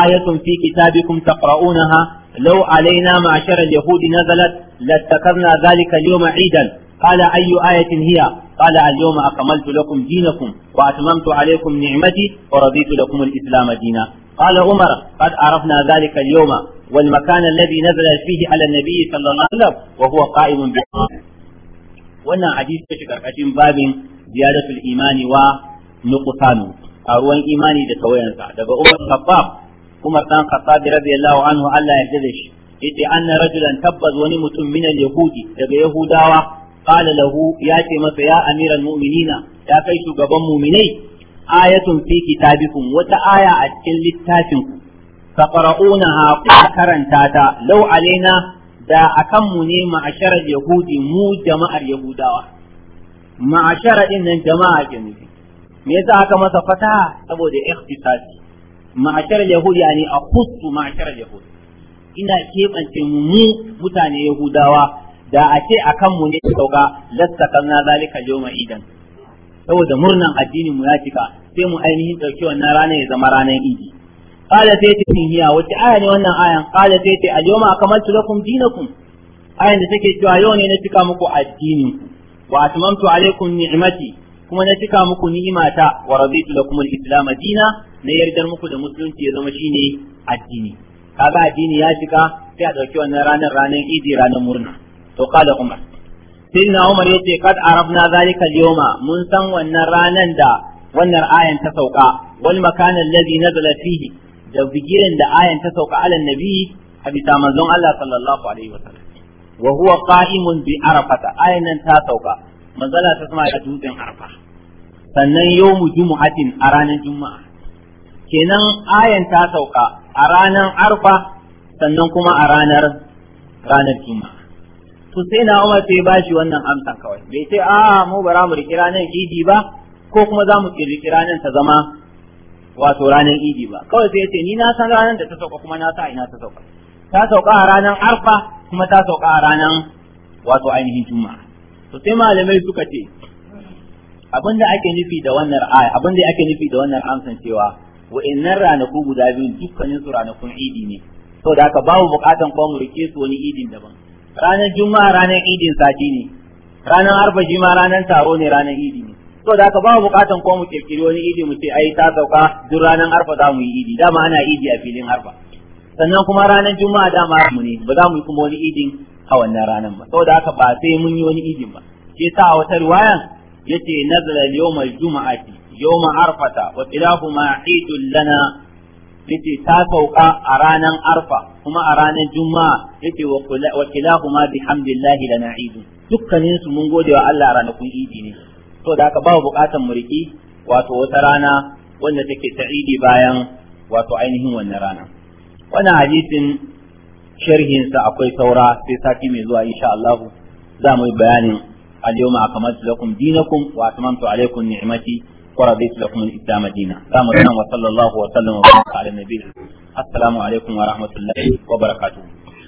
ayatun fi kitabikum taqra'unaha law alaina ma'ashara al-yahud nazalat lattakazna dhalika al-yawma 'idan قال أي آية هي قال اليوم أكملت لكم دينكم وأتممت عليكم نعمتي ورضيت لكم الإسلام دينا قال عمر قد عرفنا ذلك اليوم والمكان الذي نزل فيه على النبي صلى الله عليه وسلم وهو قائم بالصلاة wannan hadisi ya shiga ƙarƙashin babin ziyaratul imani wa nuqsanu a ruwan imani da tawayansa daga Umar Khattab Umar dan Khattab radiyallahu anhu Allah ya jada shi yace anna rajulan tabbaz wani mutum min al-yahudi daga yahudawa qala lahu ya ce masa ya amiral mu'minina ya kai shugaban mu'minai ayatun fi kitabikum wata aya a cikin littafin ku faqra'unaha ku karanta ta law alaina da akan mu ne ma'asharar yahudi mu jama'ar yahudawa ma'ashara din jama'a ke nufi me yasa aka masa fata saboda ikhtisasi ma'asharar yahudi yani a khusu ma'asharar yahudi ina keɓance mu mutane yahudawa da a akan mu ne sauka lasta kan na idan saboda murnan addinin mu ya cika sai mu ainihin dauki wannan ranar ya zama ranar idi qala sai ta hiya wace aya ne wannan ayan qala sai ta al-yawma akmaltu lakum dinakum ayan da take cewa yau ne na cika muku addinin wa atmamtu alaykum ni'mati kuma na cika muku ni'imata wa raditu lakum al-islam dina na yardar muku da musulunci ya zama shine addini kaga addini ya cika sai a dauki wannan ranar ranar idi ranar murna to qala umar sayyidina Umar yace kad arabna zalika al-yawma mun san wannan ranan da wannan ayan ta sauka wal makan alladhi nazala fihi da bigiran da ayan ta sauka ala nabi a bisa manzon Allah sallallahu alaihi wasallam wa huwa qa'imun bi arafata ta sauka ta sama da dutsen arfa sannan yawmu jumu'atin a ranar juma'a kenan ayan ta sauka a ranar arfa sannan kuma a ranar ranar juma'a to sai na Umar sai bashi wannan amsa kawai bai ce a mu bara mu riki ranar idi ba ko kuma za mu riki ranar ta zama wato ranar idi ba kawai sai ce ni na san ranar da ta sauka kuma na sa ina ta sauka ta sauka a ranar arfa kuma ta sauka a ranar wato ainihin juma'a to sai malamai suka ce abin da ake nufi da wannan aya abin da ake nufi da wannan amsan cewa wa'annan ranaku guda biyu dukkanin su ranakun idi ne da haka babu bukatan ko mu rike su wani idin daban ranar juma'a ranar idin sati ne ranar arba jima ranar taro ne ranar idi ne to da haka babu bukatan ko mu kirkiri wani idi mu ce ai ta sauka duk ranar arba za mu yi idi dama ana idi a filin arba sannan kuma ranar juma'a dama mu ne ba za mu yi kuma wani idin a wannan ranar ba saboda haka ba sai mun yi wani idin ba shi sa a wata riwayan yace nazala yawmal juma'ati yawma arfata wa ilahu ma lana yace ta sauka a ranar arfa kuma a ranar juma'a yace wa kilahuma bihamdillahi lana idu dukkanin su mun gode wa Allah ranakun idi ne to da haka babu bukatan muriki wato wata rana wanda take ta idi bayan wato ainihin wannan rana wannan hadisin sharhin sa akwai saura sai sati mai zuwa insha Allah za mu yi bayanin al-yawma akmaltu lakum dinakum wa atamantu alaykum ni'mati ورضيت لكم الإسلام دينا سامرنا وصلى الله وسلم وبارك على النبي السلام عليكم ورحمة الله وبركاته